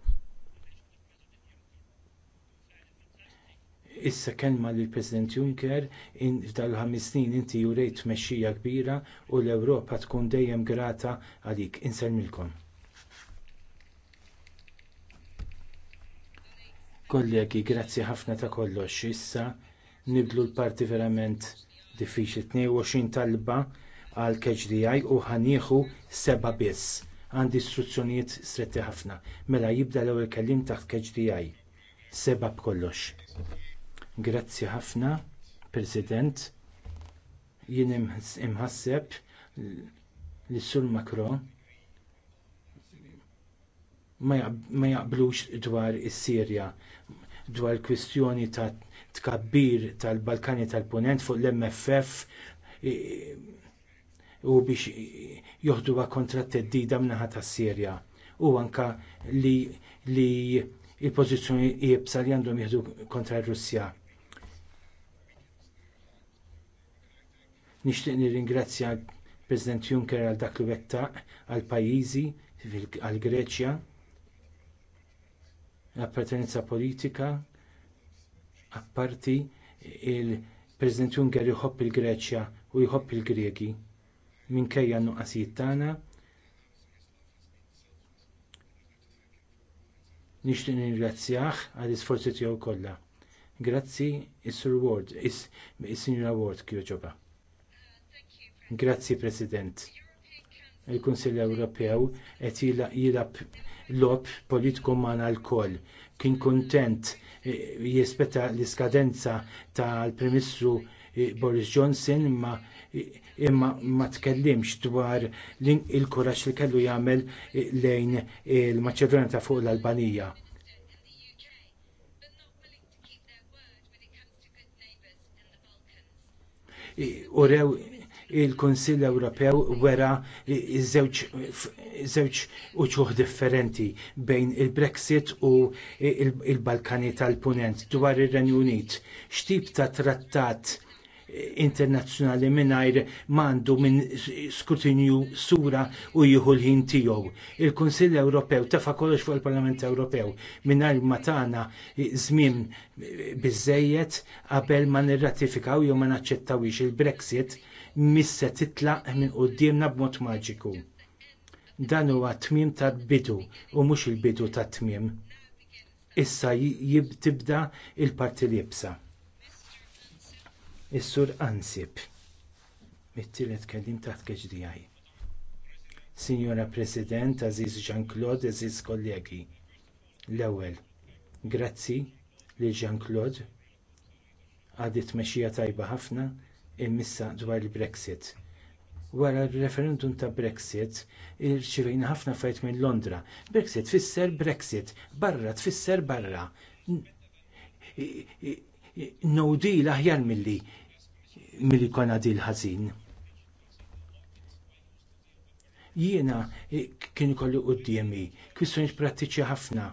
issa kelma lill President Juncker in dal-ħamis snin inti jurejt tmexxija kbira u l-Ewropa tkun dejjem grata għalik. Inselmilkom. Kollegi, grazzi ħafna ta' kollox. Issa Niblu l-parti verament diffiċli 22 talba għal KHDI u ħanieħu seba biss. Għandi istruzzjonijiet stretti ħafna. Mela jibda l-ewwel kellim taħt KHDI. Seba b'kollox. Grazzi ħafna, President. Jien imħasseb li Sur Macron ma jaqblux dwar is-Sirja dwar kwistjoni ta' tkabbir tal-Balkani tal-Punent fuq l-MFF u biex joħduha kontra t-teddida mnaħa tas-Sirja u anke li, il pozizjoni jibsa li għandhom jieħdu kontra r-Russja Nixtieq nirringrazzja l-President Juncker għal dak li wettaq għal pajjiżi għal Greċja l-appartenenza politika apparti il-President Juncker jħobb il-Greċja u jħobb il-Greki minkejja n-nuqqasijiet tagħna nixtieq nirringrazzjah għall isforzi tiegħu kollha. Grazzi is-Sur Ward, is-Sinjura Ward kieġoba. Grazzi President. Il-Kunsill Ewropew qed jilab lob politiku magħna l-koll. Kien kuntent e, jispeta l-iskadenza tal-Primissru e, Boris Johnson imma imma e, ma tkellimx dwar il-kuraġġ li kellu jagħmel lejn il-Maċedonja ta' fuq l-Albanija. u rew il-Kunsill Ewropew wera żewġ uċuħ differenti bejn il-Brexit u il-Balkani tal-Punent dwar ir-Renju Unit. X'tip ta' trattat internazzjonali mingħajr m'għandu minn skrutinju sura u jieħu l-ħin tiegħu. Il-Kunsill Ewropew tefa' kollox fuq il-Parlament Ewropew mingħajr ma tagħna żmien biżejjed qabel ma nirratifikaw jew ma naċċettawix il-Brexit misse titlaq minn quddiemna b'mod maġiku. Dan huwa tmiem tal-bidu u mhux il-bidu tat-tmiem. Issa jib tibda il-parti li jibsa. Is-sur ansib. Mit-tielet kelim taħt keġdijaj. Signora President, Aziz Jean-Claude, Aziz kollegi. L-ewwel, grazzi li Jean-Claude għadit meċija tajba ħafna immissa dwar il-Brexit. Wara r referendum ta' Brexit, irċivejna ħafna fajt minn Londra. Brexit fisser Brexit, barra tfisser barra. No deal aħjar milli milli kona deal ħażin. Jiena kien kollu qudiemi, kwistjonijiet prattiċi ħafna